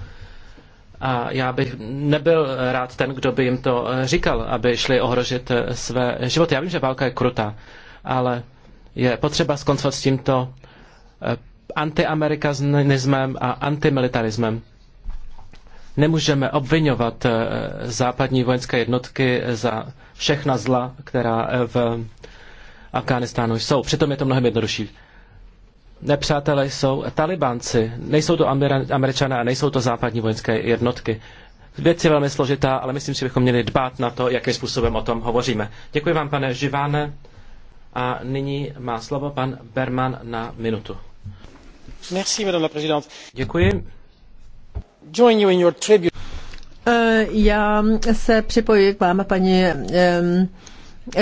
A já bych nebyl rád ten, kdo by jim to říkal, aby šli ohrožit eh, své životy. Já vím, že válka je krutá, ale je potřeba skoncovat s tímto eh, antiamerikanismem a antimilitarismem. Nemůžeme obvinovat eh, západní vojenské jednotky za všechna zla, která v Afghánistánu jsou. Přitom je to mnohem jednodušší nepřátelé jsou talibanci, nejsou to američané a nejsou to západní vojenské jednotky. Věc je velmi složitá, ale myslím si, že bychom měli dbát na to, jakým způsobem o tom hovoříme. Děkuji vám, pane Živáne. A nyní má slovo pan Berman na minutu. Merci, madame la présidente. Děkuji. Join you in your tribute. Eh, já se připojuji k vám, paní um,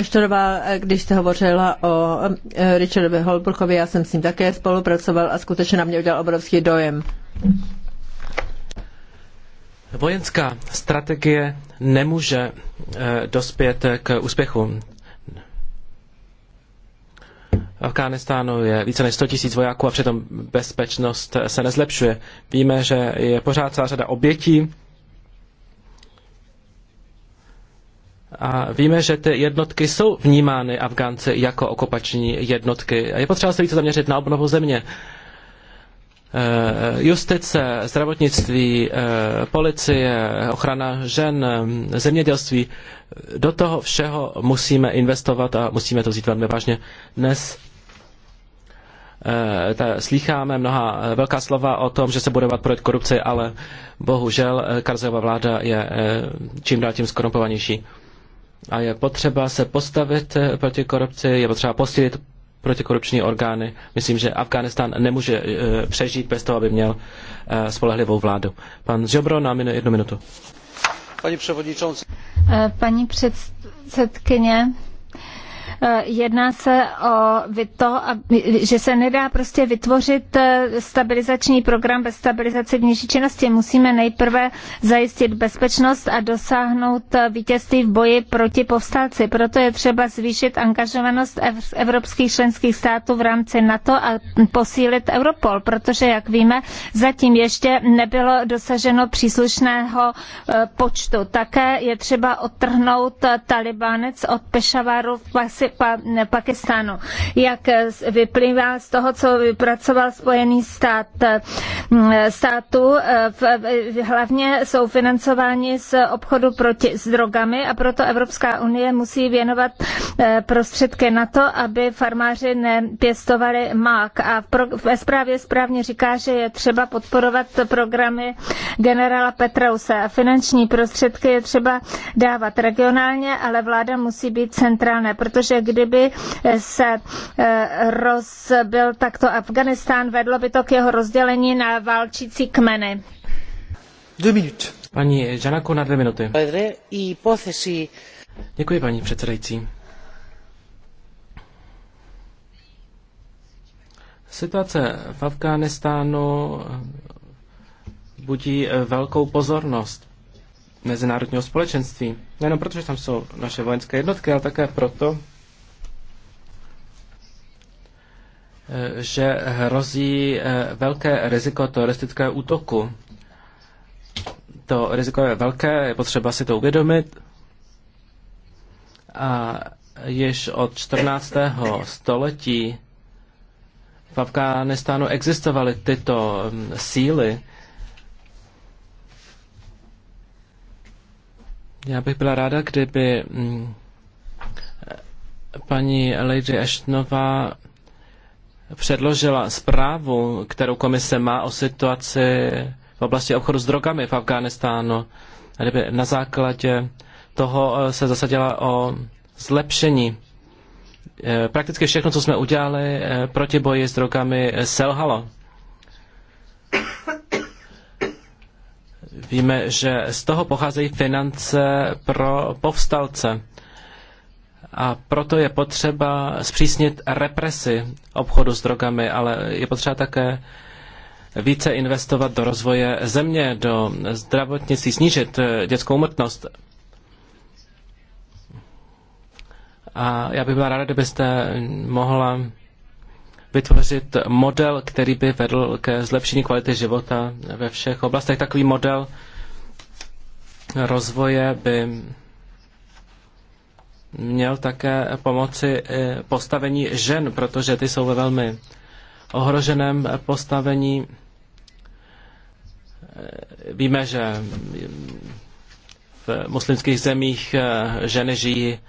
Štorová, když jste hovořila o e, Richardovi Holbruchovi, já jsem s ním také spolupracoval a skutečně na mě udělal obrovský dojem. Vojenská strategie nemůže e, dospět k úspěchu. V Afganistánu je více než 100 tisíc vojáků a přitom bezpečnost se nezlepšuje. Víme, že je pořád celá řada obětí A víme, že ty jednotky jsou vnímány Afgánci jako okupační jednotky. A je potřeba se více zaměřit na obnovu země. E, justice, zdravotnictví, e, policie, ochrana žen, zemědělství. Do toho všeho musíme investovat a musíme to vzít velmi vážně. Dnes e, slýcháme mnoha velká slova o tom, že se bude bojovat proti korupci, ale bohužel Karzajová vláda je čím dál tím skorumpovanější a je potřeba se postavit eh, proti korupci, je potřeba posílit protikorupční orgány. Myslím, že Afghánistán nemůže eh, přežít bez toho, aby měl eh, spolehlivou vládu. Pan Žobro, minu, jednu minutu. Paní předsedkyně, Eh, jedná se o to, že se nedá prostě vytvořit eh, stabilizační program bez stabilizace vnější činnosti. Musíme nejprve zajistit bezpečnost a dosáhnout eh, vítězství v boji proti povstalci. Proto je třeba zvýšit angažovanost evropských členských států v rámci NATO a posílit Europol, protože, jak víme, zatím ještě nebylo dosaženo příslušného počtu. Také je třeba odtrhnout Talibanec od Pešaváru v vůči pa- Pakistánu, jak vyplývá z toho, co vypracoval Spojený stát států eh, hlavně jsou financováni z obchodu proti, s drogami a proto Evropská unie musí věnovat eh, prostředky na to, aby farmáři nepěstovali mák. A ve zprávě správně říká, že je třeba podporovat programy generála Petrause a finanční prostředky je třeba dávat regionálně, ale vláda musí být centrálně, protože kdyby eh, se rozbil takto Afganistán, vedlo by to k jeho rozdělení na válčící kmeny. Dvě minuty. Paní Žanako na dvě minuty. Děkuji, paní předsedající. Situace v Afghánistánu budí velkou pozornost mezinárodního společenství. Nejenom proto, že tam jsou naše vojenské jednotky, ale také proto, Eh, že hrozí eh, velké riziko teroristického útoku. To riziko je velké, je potřeba si to uvědomit. A již od 14. století v Afghánistánu existovaly tyto mm, síly. Já bych byla ráda, kdyby mm, paní Lady Ashtonová předložila zprávu, kterou komise má o situaci v oblasti obchodu s drogami v Afghánistánu. Kdyby na základě toho eh, se zasadila o zlepšení. Eh, prakticky všechno, co jsme udělali eh, proti boji s drogami, selhalo. Víme, že z toho pocházejí finance pro povstalce. A proto je potřeba zpřísnit represi obchodu s drogami, ale je potřeba také více investovat do rozvoje země, do zdravotnictví, snížit eh, dětskou umrtnost. A já bych byla ráda, kdybyste mohla vytvořit model, který by vedl ke zlepšení kvality života ve všech oblastech. Takový model rozvoje by měl také pomoci eh, postavení žen, protože ty jsou ve velmi ohroženém postavení. Eh, víme, že eh, v muslimských zemích ženy žijí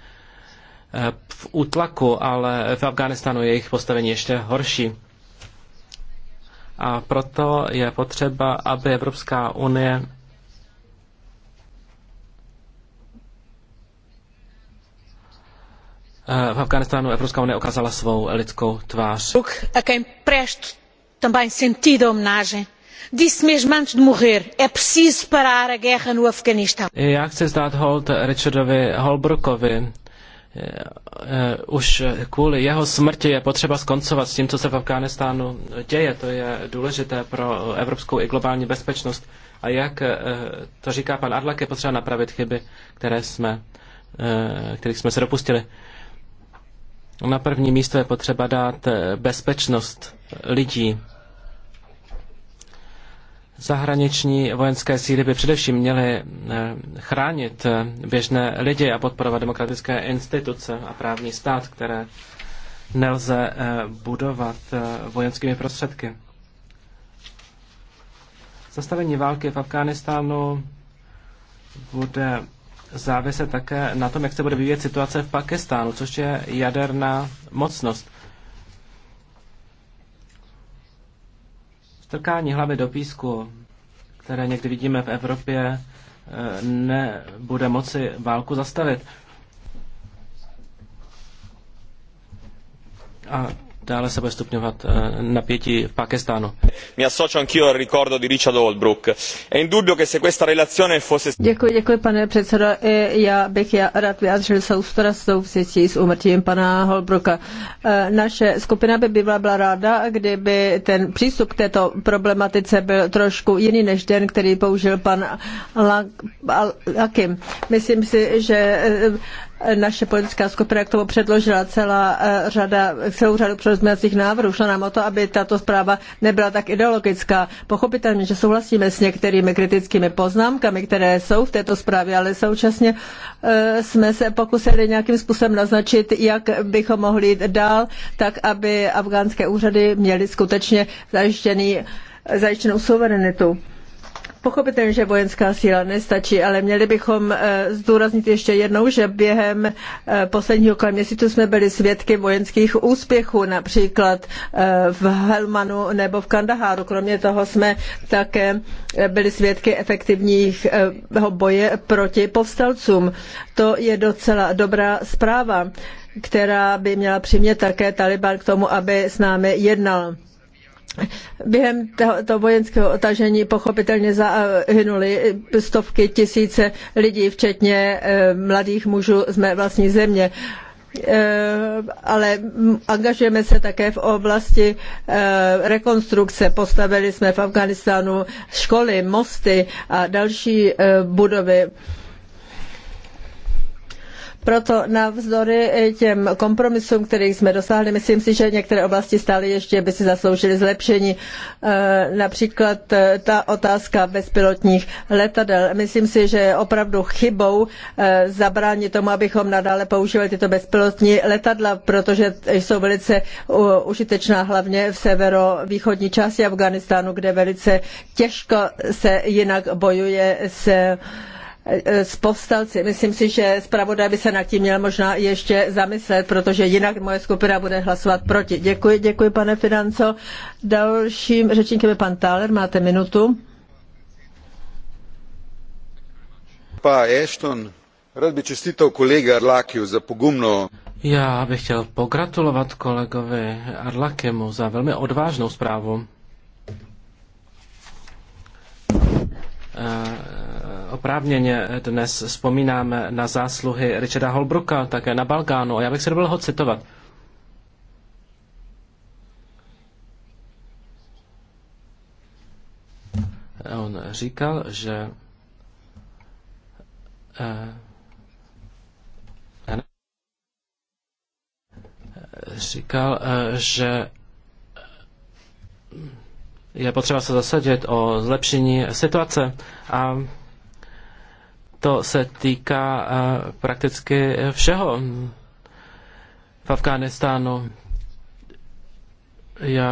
v útlaku, ale v Afghánistánu je jejich postavení ještě horší. A proto je potřeba, aby Evropská unie Eh, v Afganistánu Evropská unie ukázala svou lidskou tvář. também sentida homenagem. Disse mesmo antes de morrer, é preciso parar a guerra no Afeganistão. Já chci zdát hold Richardovi Holbrookovi. Eh, eh, už kvůli jeho smrti je potřeba skoncovat s tím, co se v Afghánistánu děje. To je důležité pro evropskou i globální bezpečnost. A jak to říká pan Adlak, je potřeba napravit chyby, které jsme, kterých jsme se dopustili. Na první místo je potřeba dát eh, bezpečnost lidí. Zahraniční vojenské síly by především měly eh, chránit eh, běžné lidi a podporovat demokratické instituce a právní stát, které nelze budovat vojenskými prostředky. Zastavení války v Afghánistánu bude záviset také na tom, jak se bude vyvíjet situace v Pakistánu, což je jaderná mocnost. Strkání hlavy do písku, které někdy vidíme v Evropě, eh, nebude moci válku zastavit. A Dále se bude stupňovat eh, napětí v Pakistánu. Mi associo anch'io al ricordo di Richard Holbrooke. È indubbio che se questa relazione fosse... Děkuji, děkuji, pane předsedo. Já bych já rád vyjádřil soustrast souvisící s úmrtím pana Holbrooka. Eh, naše skupina by byla, byla ráda, kdyby ten přístup k této problematice byl trošku jiný než den, který použil pan Lakim. Myslím si, že eh, naše politická skupina k tomu předložila celá eh, řada, celou řadu pozměňovacích návrhů. Šlo nám o to, aby tato zpráva nebyla tak ideologická. Pochopitelně, že souhlasíme s některými kritickými poznámkami, které jsou v této zprávě, ale současně eh, jsme se pokusili nějakým způsobem naznačit, jak bychom mohli jít dál, tak aby afgánské úřady měly skutečně zajištěný zajištěnou suverenitu. Pochopitelně, že vojenská síla nestačí, ale měli bychom eh, zdůraznit ještě jednou, že během eh, posledního kolem měsíců jsme byli svědky vojenských úspěchů, například eh, v Helmanu nebo v Kandaháru. Kromě toho jsme také byli svědky efektivního boje proti povstalcům. To je docela dobrá zpráva, která by měla přimět také Taliban k tomu, aby s námi jednal. Během toho vojenského otažení pochopitelně zahynuly stovky tisíce lidí, včetně eh, mladých mužů z mé vlastní země eh, ale angažujeme se také v oblasti eh, rekonstrukce. Postavili jsme v Afghánistánu školy, mosty a další budovy. Proto navzdory eh, těm kompromisům, kterých jsme dosáhli, myslím si, že některé oblasti stále ještě by si zasloužily zlepšení. Eh, například eh, ta otázka bezpilotních letadel. Myslím si, že je opravdu chybou zabránit tomu, abychom nadále používali tyto bezpilotní letadla, protože jsou velice užitečná hlavně v severovýchodní části Afganistánu, kde velice těžko se jinak bojuje s Eh, s povstalci. Myslím si, že zpravodaj by se nad tím měl možná ještě zamyslet, protože jinak moje skupina bude hlasovat proti. Děkuji, děkuji pane Financo. Dalším řečníkem je pan Táler, máte minutu. Pa Ashton, rád bych čestitou kolega Arlakiju za pogumno. Já bych chtěl pogratulovat kolegovi Arlakemu za velmi odvážnou zprávu. E oprávněně dnes vzpomínáme na zásluhy Richarda Holbrooka, také na Balkánu. A já bych si dovolil ho citovat. On říkal, že eh, říkal, eh, že je potřeba se zasadit o zlepšení situace a to se týká eh, prakticky všeho v Afghánistánu. Já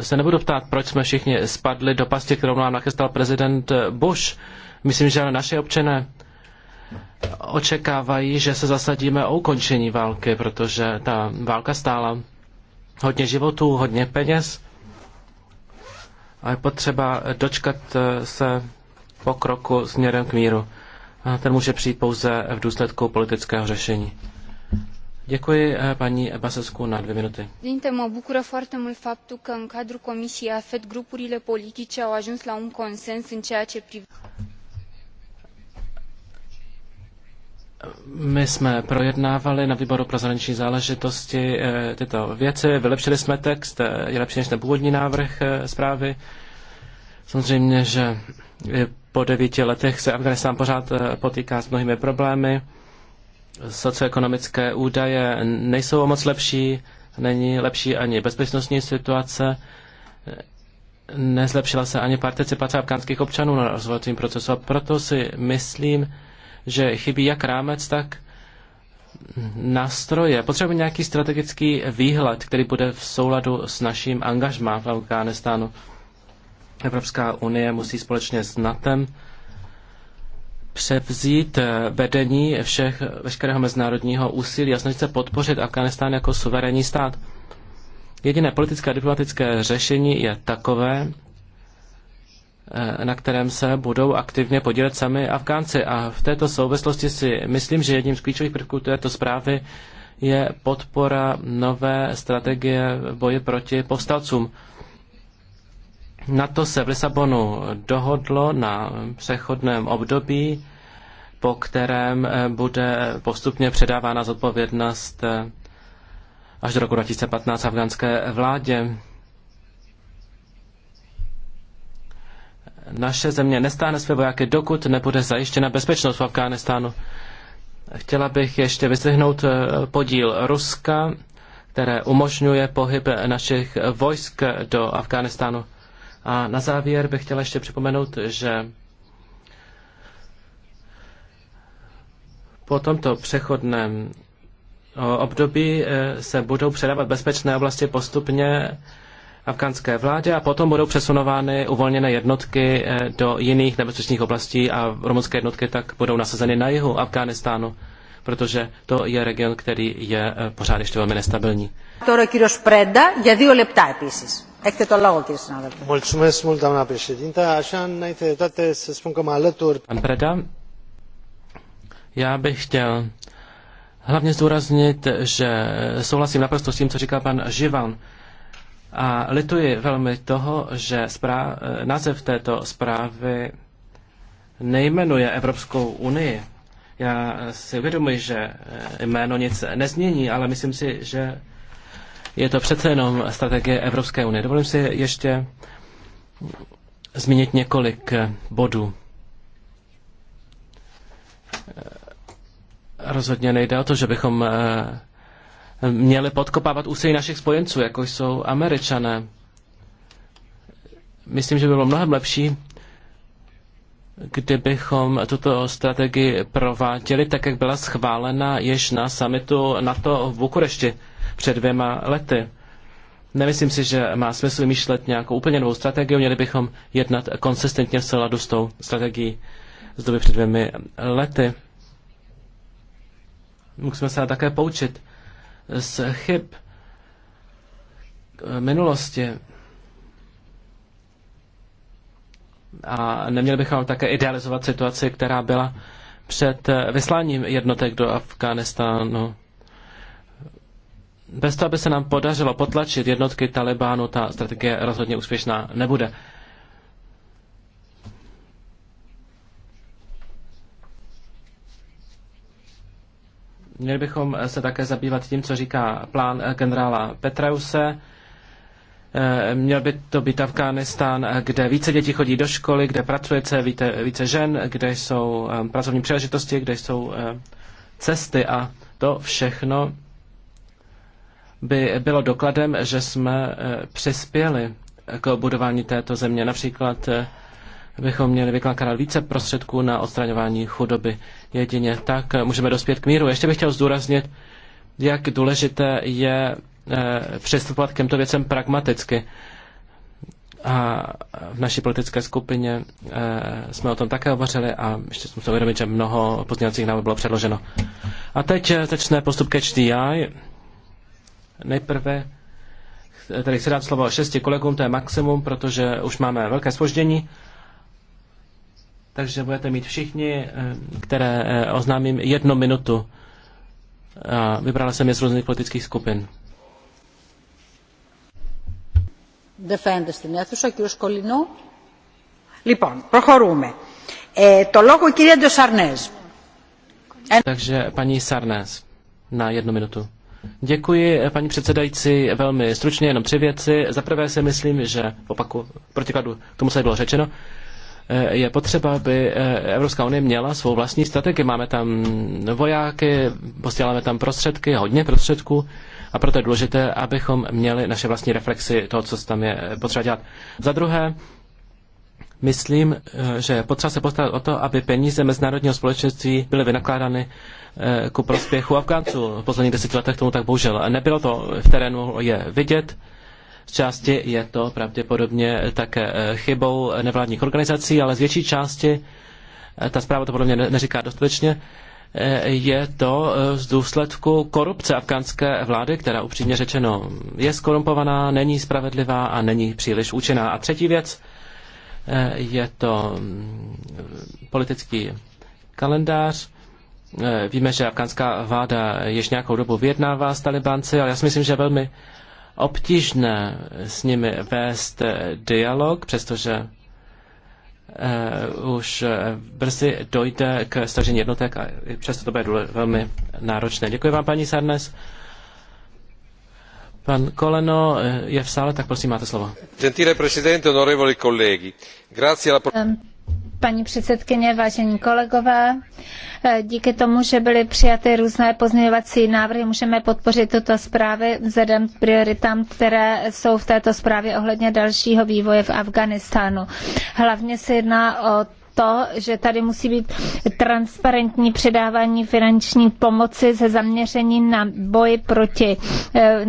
se nebudu ptát, proč jsme všichni spadli do pasti, kterou nám nachystal prezident Bush. Myslím, že naše občané očekávají, že se zasadíme o ukončení války, protože ta válka stála hodně životů, hodně peněz a je potřeba dočkat eh, se pokroku směrem k míru ten může přijít pouze v důsledku politického řešení. Děkuji eh, paní Basescu na dvě minuty. Mă bucură foarte mult faptul că în cadrul Comisiei AFET grupurile politice au ajuns la un consens în ceea ce privește My jsme projednávali na výboru pro zahraniční záležitosti eh, tyto věci, vylepšili jsme text, eh, je lepší než ten původní návrh zprávy. Samozřejmě, že po devíti letech se Afganistán pořád eh, potýká s mnohými problémy. Socioekonomické údaje nejsou moc lepší, není lepší ani bezpečnostní situace, nezlepšila se ani participace afgánských občanů na rozvojovém procesu. A proto si myslím, že chybí jak rámec, tak nástroje. Potřebujeme nějaký strategický výhled, který bude v souladu s naším angažmá v Afghánistánu. Evropská unie musí společně s NATEM převzít eh, vedení všech, veškerého mezinárodního úsilí a snažit se podpořit Afganistán jako suverénní stát. Jediné politické a diplomatické řešení je takové, eh, na kterém se budou aktivně podílet sami Afgánci. A v této souvislosti si myslím, že jedním z klíčových prvků této zprávy je podpora nové strategie boje proti povstalcům. Na to se v Lisabonu dohodlo na přechodném období, po kterém eh, bude postupně předávána zodpovědnost eh, až do roku 2015 afgánské vládě. Naše země nestáhne své vojáky, dokud nebude zajištěna bezpečnost v Afghánistánu. Chtěla bych ještě vyzdvihnout eh, podíl Ruska, které umožňuje pohyb našich vojsk do Afghánistánu. A na závěr bych chtěla ještě připomenout, že po tomto přechodném období e, se budou předávat bezpečné oblasti postupně afgánské vládě a potom budou přesunovány uvolněné jednotky e, do jiných nebezpečných oblastí a rumunské jednotky tak budou nasazeny na jihu Afghánistánu, protože to je region, který je e, pořád ještě velmi nestabilní. Τώρα ο κύριος Πρέντα για δύο λεπτά doamnă președintă așa înainte de toate să spun că mă alătur. Preda, já bych chtěl hlavně zdůraznit, že souhlasím naprosto s tím, co říká pan Živan. A lituji velmi toho, že zpráv, název této zprávy nejmenuje Evropskou unii. Já si uvědomuji, že jméno nic nezmění, ale myslím si, že je to přece jenom strategie Evropské unie. Dovolím si ještě zmínit několik bodů. Rozhodně nejde o to, že bychom eh, měli podkopávat úsilí našich spojenců, jako jsou američané. Myslím, že by bylo mnohem lepší, kdybychom tuto strategii prováděli tak, jak byla schválena již na summitu NATO v Bukurešti před dvěma lety. Nemyslím si, že má smysl vymýšlet nějakou úplně novou strategii, měli bychom jednat konsistentně s s tou strategií z doby před dvěmi lety. Musíme se také poučit z chyb minulosti. A neměli bychom také idealizovat situaci, která byla před vysláním jednotek do No. Bez toho, aby se nám podařilo potlačit jednotky Talibánu, ta strategie rozhodně úspěšná nebude. Měli bychom se také zabývat tím, co říká plán generála Petrause. Eh, měl by to být Afghánistán, kde více dětí chodí do školy, kde pracuje se více, více žen, kde jsou eh, pracovní příležitosti, kde jsou eh, cesty a to všechno by bylo dokladem, že jsme eh, přispěli k budování této země. Například eh, bychom měli vykládat více prostředků na odstraňování chudoby. Jedině tak eh, můžeme dospět k míru. Ještě bych chtěl zdůraznit, jak důležité je přistupovat k těmto věcem pragmaticky. A v naší politické skupině jsme o tom také hovořili a ještě jsme se uvědomit, že mnoho pozdějacích návrhů bylo předloženo. A teď začne postup Catch the Eye. Nejprve tady chci dát slovo šesti kolegům, to je maximum, protože už máme velké spoždění. Takže budete mít všichni, eh, které eh, oznámím, jednu minutu. Vybrala jsem je z různých politických skupin. Takže paní Sarnes na jednu minutu. Děkuji, paní předsedající, velmi stručně, jenom tři věci. Za prvé si myslím, že opaku protikladu tomu, co bylo řečeno, eh, je potřeba, aby eh, Evropská unie měla svou vlastní strategii. Máme tam vojáky, posíláme tam prostředky, hodně prostředků a proto je důležité, abychom měli naše vlastní reflexy toho, co tam je potřeba dělat. Za druhé, Myslím, eh, že je potřeba se postarat o to, aby peníze mezinárodního společenství byly vynakládány eh, ku prospěchu Afgánců. V posledních deseti letech tomu tak bohužel nebylo to v terénu je vidět. Z části je to pravděpodobně také eh, chybou nevládních organizací, ale z větší části, ta zpráva to podle mě neříká dostatečně, je to z důsledku korupce afgánské vlády, která upřímně řečeno je skorumpovaná, není spravedlivá a není příliš účinná. A třetí věc, Eh, je to mm, politický kalendář. Eh, víme, že afgánská vláda již nějakou dobu vyjednává s talibánci, ale já si myslím, že je velmi obtížné s nimi vést eh, dialog, přestože uh, už brzy dojde k stažení jednotek a přesto to bude velmi náročné. Děkuji vám, paní Sarnes. Pan Koleno eh, je v sále, tak prosím, máte slovo. Gentile presidente, onorevoli colleghi, grazie alla... Paní předsedkyně, vážení kolegové, eh, díky tomu, že byly přijaty různé pozměňovací návrhy, můžeme podpořit tuto zprávy vzhledem k prioritám, které jsou v této zprávě ohledně dalšího vývoje v Afghánistánu. Hlavně se jedná o to, že tady musí být transparentní předávání finanční pomoci se zaměřením na boj proti eh,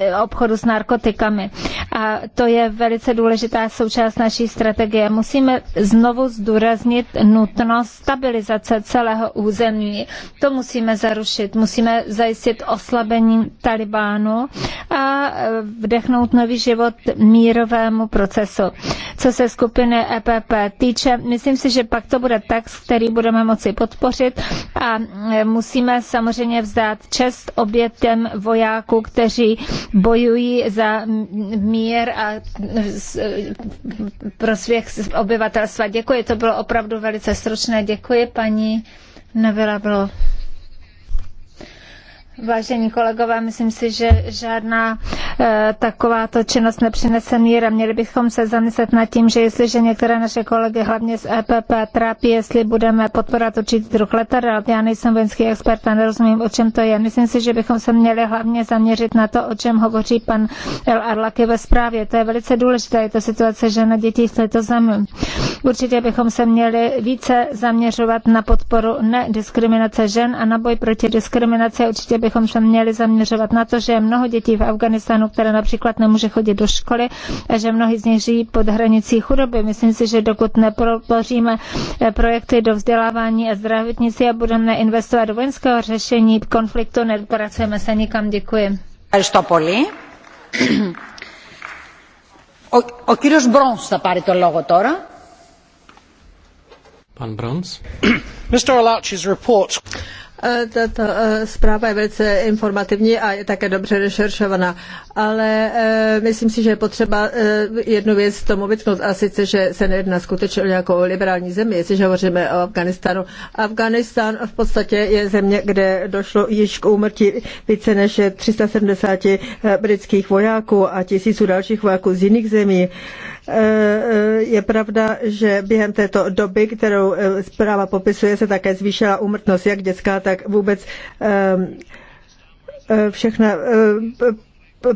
eh, obchodu s narkotikami. A to je velice důležitá součást naší strategie. Musíme znovu zdůraznit nutnost stabilizace celého území. To musíme zarušit. Musíme zajistit oslabení Talibánu a eh, vdechnout nový život mírovému procesu. Co se skupiny EPP týče. Myslím si, že pak to bude text, který budeme moci podpořit a e, musíme samozřejmě vzdát čest obětem vojáků, kteří bojují za mír a e, prospěch obyvatelstva. Děkuji, to bylo opravdu velice stručné. Děkuji, paní Nevila, bylo Vážení kolegové, myslím si, že žádná Eh, takováto činnost nepřinese a Měli bychom se zamyslet nad tím, že jestliže některé naše kolegy, hlavně z EPP, trápí, jestli budeme podporovat určitý druh letadel. Já nejsem vojenský expert a nerozumím, o čem to je. Myslím si, že bychom se měli hlavně zaměřit na to, o čem hovoří pan El Arlaky ve zprávě. To je velice důležité, je to situace žen a dětí v této zemi. Určitě bychom se měli více zaměřovat na podporu nediskriminace žen a na boj proti diskriminaci. Určitě bychom se měli zaměřovat na to, že je mnoho dětí v Afganistánu občanů, které například nemůže chodit do školy a že mnohí z nich žijí pod hranicí chudoby. Myslím si, že dokud nepodpoříme eh, projekty do vzdělávání a zdravotnictví a budeme investovat do vojenského řešení konfliktu, nedopracujeme se nikam. Děkuji. O Brons Pan Brons. Mr. Arlacchi's report E, tato e, zpráva je velice informativní a je také dobře rešeršovaná, ale e, myslím si, že je potřeba jednu věc tomu vytknout a sice, že se nejedná skutečně o nějakou liberální zemi, jestliže hovoříme o Afghánistánu. Afganistán v podstatě je země, kde došlo již k úmrtí více než 370 britských vojáků a tisíců dalších vojáků z jiných zemí. Eh, eh, je pravda, že během této doby, kterou eh, zpráva popisuje, se také zvýšila úmrtnost jak dětská, tak vůbec všechna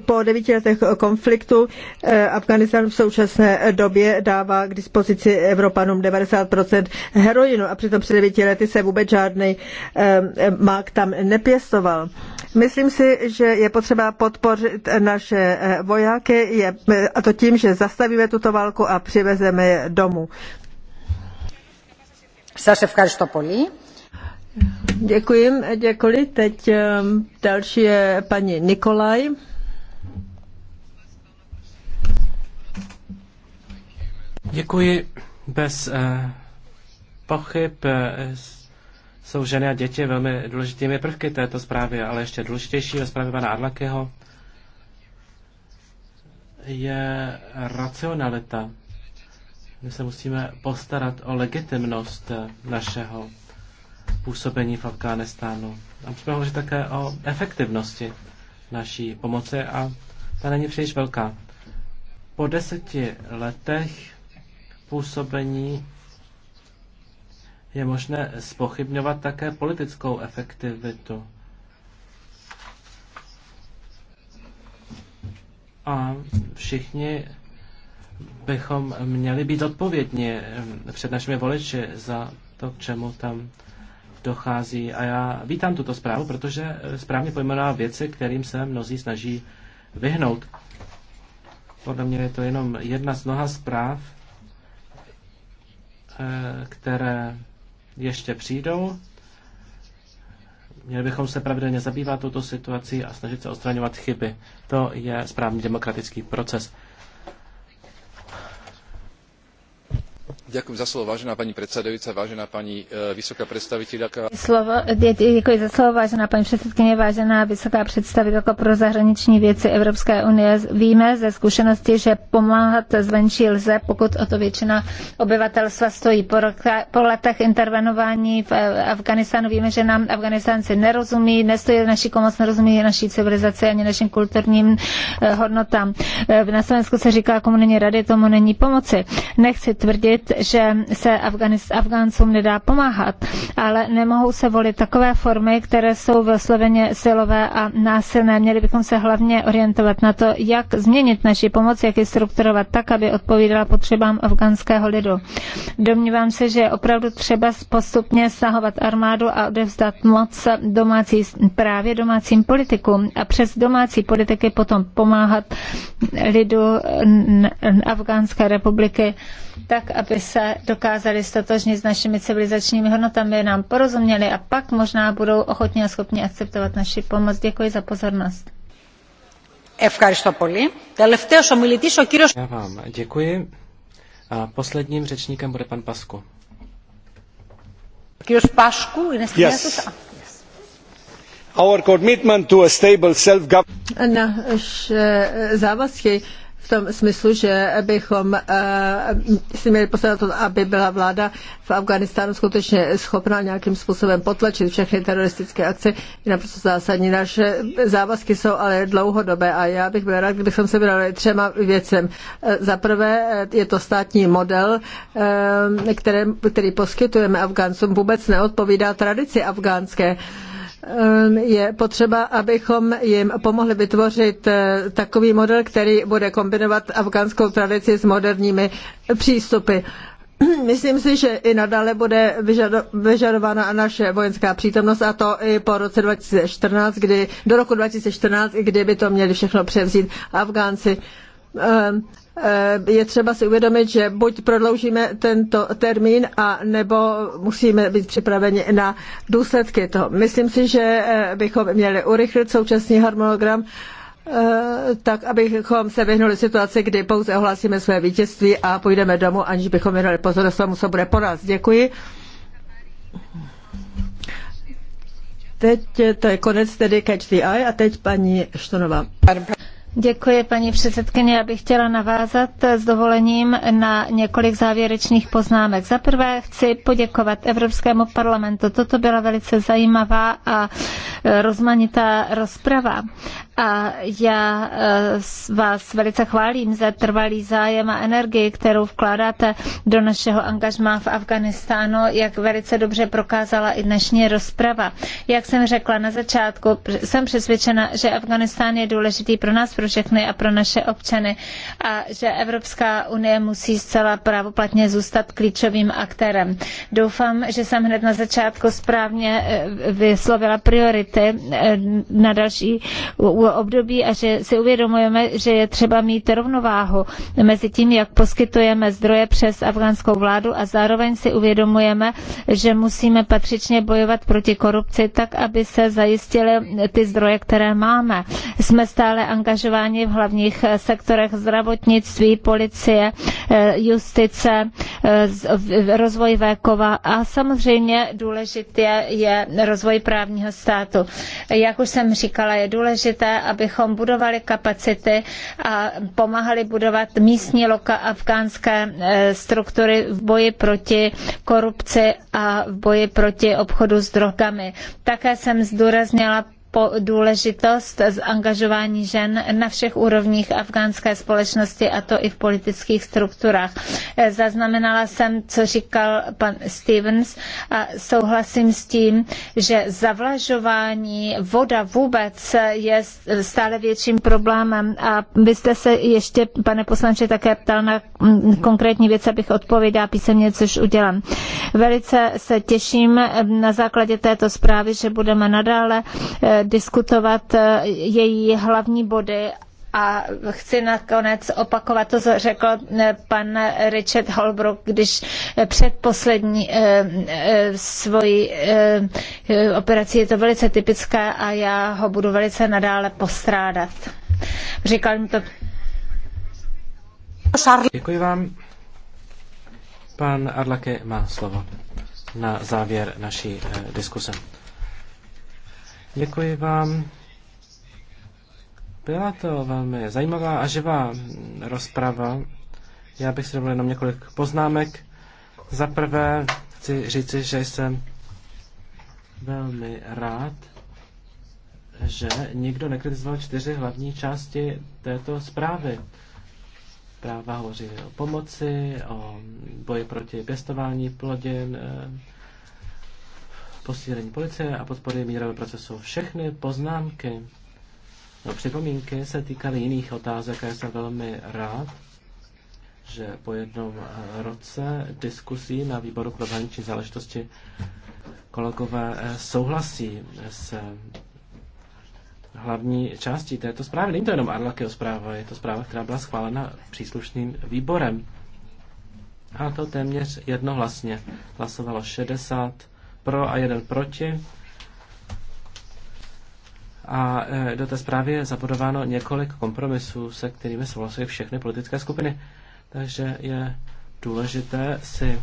po devíti letech konfliktu eh, Afganistan v současné době dává k dispozici Evropanům 90% heroinu a přitom před devíti lety se vůbec žádný eh, mák tam nepěstoval. Myslím si, že je potřeba podpořit naše eh, vojáky a to tím, že zastavíme tuto válku a přivezeme je domů. Σας ευχαριστώ πολύ. Děkuji, děkuji. Teď další je paní Nikolaj. Děkuji. Bez eh, pochyb eh, jsou ženy a děti velmi důležitými prvky této zprávy, ale ještě důležitější ve zprávě pana Arlakyho je racionalita. My se musíme postarat o legitimnost eh, našeho působení v Afghánistánu. A musíme hovořit také o efektivnosti naší pomoci a ta není příliš velká. Po deseti letech působení je možné spochybňovat také politickou efektivitu. A všichni bychom měli být odpovědní před našimi voliči za to, k čemu tam dochází. A já vítám tuto zprávu, protože eh, správně pojmenová věci, kterým se mnozí snaží vyhnout. Podle mě je to jenom jedna z mnoha zpráv, Eh, které ještě přijdou. Měli bychom se pravidelně zabývat touto situací a snažit se odstraňovat chyby. To je správný demokratický proces. Vážená paní předsedající, vážená paní e, vysoká představitelka. Děkuji za slovo, vážená paní předsedkyně, vážená vysoká představitelka pro zahraniční věci Evropské unie. Víme ze zkušenosti, že pomáhat zvenčí lze, pokud o to většina obyvatelstva stojí. Po, letech intervenování v e, Afganistánu víme, že nám Afganistánci nerozumí, nestojí naší pomoc, nerozumí naší civilizaci ani našim kulturním e, hodnotám. Na Slovensku se říká, komu není rady, tomu není pomoci. Nechci tvrdit, že se Afgáncům nedá pomáhat, ale nemohou se volit takové formy, které jsou vysloveně silové a násilné. Měli bychom se hlavně orientovat na to, jak změnit naši pomoc, jak ji strukturovat tak, aby odpovídala potřebám afgánského lidu. Domnívám se, že je opravdu třeba postupně stahovat armádu a odevzdat moc domácí, právě domácím politikům a přes domácí politiky potom pomáhat lidu Afgánské republiky tak, aby se dokázali stotožnit s našimi civilizačními hodnotami, nám porozuměli a pak možná budou ochotně a schopni akceptovat naši pomoc. Děkuji za pozornost. Já vám děkuji. A posledním řečníkem bude pan Pasku. Yes. Our commitment to a stable self-government. Naše eh, závazky v tom smyslu, že bychom eh, si měli postavit to, aby byla vláda v Afganistánu skutečně schopná nějakým způsobem potlačit všechny teroristické akce. Je naprosto zásadní. Naše závazky jsou ale dlouhodobé a já bych byl rád, kdybychom se vydali třema věcem. Eh, za prvé eh, je to státní model, který poskytujeme Afgáncům, vůbec neodpovídá tradici afgánské. Um, je potřeba, abychom jim pomohli vytvořit eh, takový model, který bude kombinovat afgánskou tradici s moderními přístupy. Myslím si, že i nadále bude vyžadována naše vojenská přítomnost a to i po roce 2014, kdy, do roku 2014, kdy by to měli všechno převzít Afgánci ehm, Eh, je třeba si uvědomit, že buď prodloužíme tento termín, a nebo musíme být připraveni na důsledky toho. Myslím si, že eh, bychom měli urychlit současný harmonogram eh, tak abychom se vyhnuli situaci, kdy pouze ohlásíme své vítězství a půjdeme domů, aniž bychom věnovali pozornost tomu, co bude po nás. Děkuji. Teď to je konec tedy Catch the Eye a teď paní Štonová. Děkuji, paní předsedkyně. Já bych chtěla navázat s dovolením na několik závěrečných poznámek. Za prvé chci poděkovat Evropskému parlamentu. Toto byla velice zajímavá a e, rozmanitá rozprava a já e, vás velice chválím za trvalý zájem a energii, kterou vkládáte do našeho angažmá v Afganistánu, jak velice dobře prokázala i dnešní rozprava. Jak jsem řekla na začátku, jsem přesvědčena, že Afganistán je důležitý pro nás, pro všechny a pro naše občany a že Evropská unie musí zcela právoplatně zůstat klíčovým aktérem. Doufám, že jsem hned na začátku správně e, vyslovila priority e, na další období a že si uvědomujeme, že je třeba mít rovnováhu mezi tím, jak poskytujeme zdroje přes afgánskou vládu a zároveň si uvědomujeme, že musíme patřičně bojovat proti korupci tak, aby se zajistily ty zdroje, které máme. Jsme stále angažováni v hlavních eh, sektorech zdravotnictví, policie, eh, justice, eh, rozvoj vékova a samozřejmě důležitě je rozvoj právního státu. Jak už jsem říkala, je důležité, abychom budovali kapacity a pomáhali budovat místní loka afgánské eh, struktury v boji proti korupci a v boji proti obchodu s drogami. Také jsem zdůraznila po důležitost zangažování žen na všech úrovních afgánské společnosti a to i v politických strukturách. Zaznamenala jsem, co říkal pan Stevens a souhlasím s tím, že zavlažování voda vůbec je stále větším problémem a vy jste se ještě, pane poslanče, také ptal na mm, konkrétní věc, abych odpověděla písemně, což udělám. Velice se těším na základě této zprávy, že budeme nadále eh, diskutovat eh, její hlavní body a chci nakonec opakovat to, co řekl eh, pan Richard Holbrook, když eh, předposlední svoji operaci je to velice typické a já ho budu velice nadále postrádat. Říkal mi to. Děkuji vám. Pan Arlake má slovo na závěr naší diskuse. Děkuji vám. Byla to velmi zajímavá a živá rozprava. Já bych si dovolil jenom několik poznámek. Za prvé chci říci, že jsem velmi rád, že nikdo nekritizoval čtyři hlavní části této zprávy. Práva hovoří o pomoci, o boji proti pěstování plodin, eh, posílení policie a podpory mírového procesu. Všechny poznámky no, připomínky se týkaly jiných otázek a já jsem velmi rád, že po jednom roce diskusí na výboru pro zahraniční záležitosti kolegové eh, souhlasí s hlavní částí této zprávy. Není to jenom Arlakyho zpráva, je to zpráva, která byla schválena příslušným výborem. A to téměř jednohlasně. Hlasovalo 60 pro a jeden proti. A e, do té zprávy je zabudováno několik kompromisů, se kterými souhlasují všechny politické skupiny. Takže je důležité si e,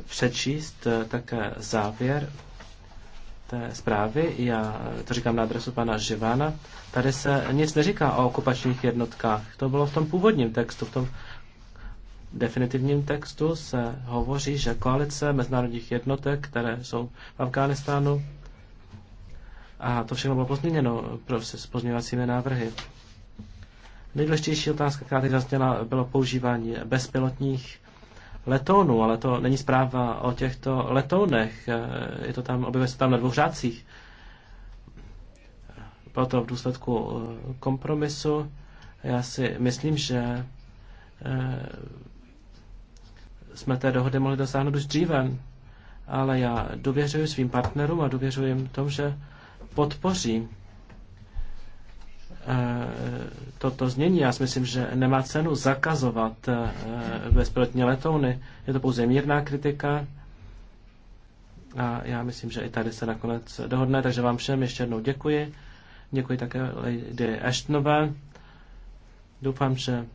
přečíst e, také závěr té zprávy. Já to říkám na adresu pana Živána. Tady se nic neříká o okupačních jednotkách. To bylo v tom původním textu, v tom definitivním textu se hovoří, že koalice mezinárodních jednotek, které jsou v Afghánistánu, a to všechno bylo pozměněno s pozměňovacími návrhy. Nejdůležitější otázka, která teď zazněla, bylo používání bezpilotních letounů, ale to není zpráva o těchto letounech. Je to tam, objevuje se tam na dvou řádcích. Proto v důsledku eh, kompromisu já si myslím, že eh, jsme té dohody mohli dosáhnout už dříve, ale já důvěřuji svým partnerům a důvěřuji jim tomu, že podpoří eh, toto znění. Já si myslím, že nemá cenu zakazovat eh, bezpilotní letouny. Je to pouze mírná kritika a já myslím, že i tady se nakonec dohodne, takže vám všem ještě jednou děkuji. Děkuji také Lady Ashtonové. Doufám, že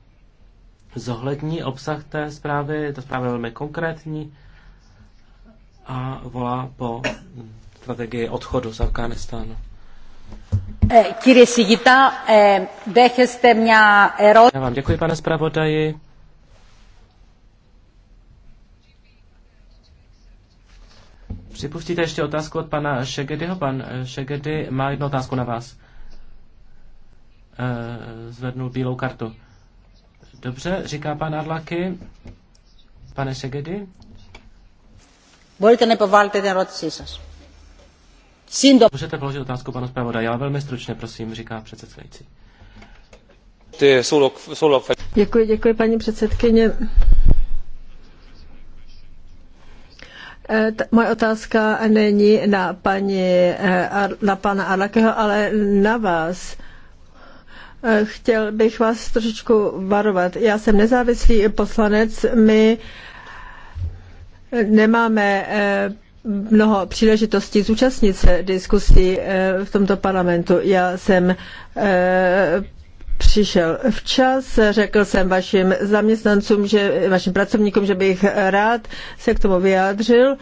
zohlední obsah té zprávy. Ta zpráva je velmi konkrétní a volá po strategii odchodu z Afganistánu. Eh, eh, Já vám děkuji, pane zpravodaji. Připustíte ještě otázku od pana Šegedyho? Pan eh, Šegedy má jednu otázku na vás. Zvednu bílou kartu. Dobře, říká pan Arlaky. Pane Segedy. můžete nepovalit ten rod ερώτησή Můžete položit otázku panu zpravodaji, ale velmi stručně, prosím, říká předsedající. Děkuji, děkuji, paní předsedkyně. E, moje otázka není na, paní, e, na pana Arlakeho, ale na vás. Chtěl bych vás trošičku varovat. Já jsem nezávislý poslanec, my nemáme eh, mnoho příležitostí zúčastnit se diskusí eh, v tomto parlamentu. Já jsem eh, přišel včas, řekl jsem vašim zaměstnancům, že, vašim pracovníkům, že bych rád se k tomu vyjádřil.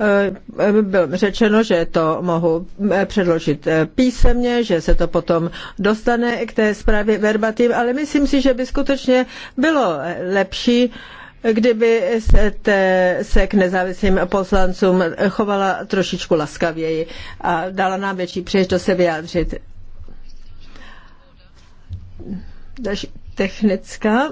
Eh, eh, bylo řečeno, že to mohu eh, předložit písemně, že se to potom dostane k té zprávě verbatim, ale myslím si, že by skutečně bylo lepší, kdyby se, te, se k nezávislým poslancům chovala trošičku laskavěji a dala nám větší příležitost se vyjádřit. Další technická.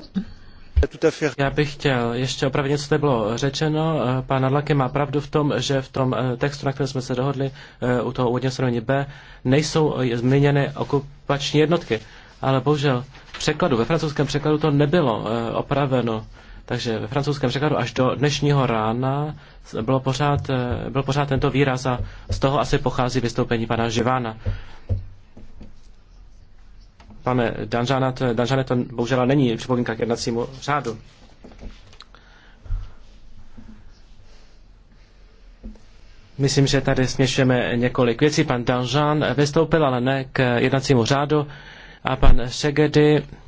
Já bych chtěl ještě opravit něco, co bylo řečeno. Eh, Pan Adlake má pravdu v tom, že v tom eh, textu, na kterém jsme se dohodli, eh, u toho úvodního stanovení B, nejsou zmíněny okupační jednotky. Ale bohužel v překladu, ve francouzském překladu to nebylo opraveno. Takže ve francouzském překladu až do dnešního rána bylo pořád, byl pořád tento výraz a z toho asi pochází vystoupení pana Živána. Pane Danžána, to, to bohužel není připomínka k jednacímu řádu. Myslím, že tady směšujeme několik věcí. Pan Danžan vystoupil, ale ne k jednacímu řádu. A pan Šegedy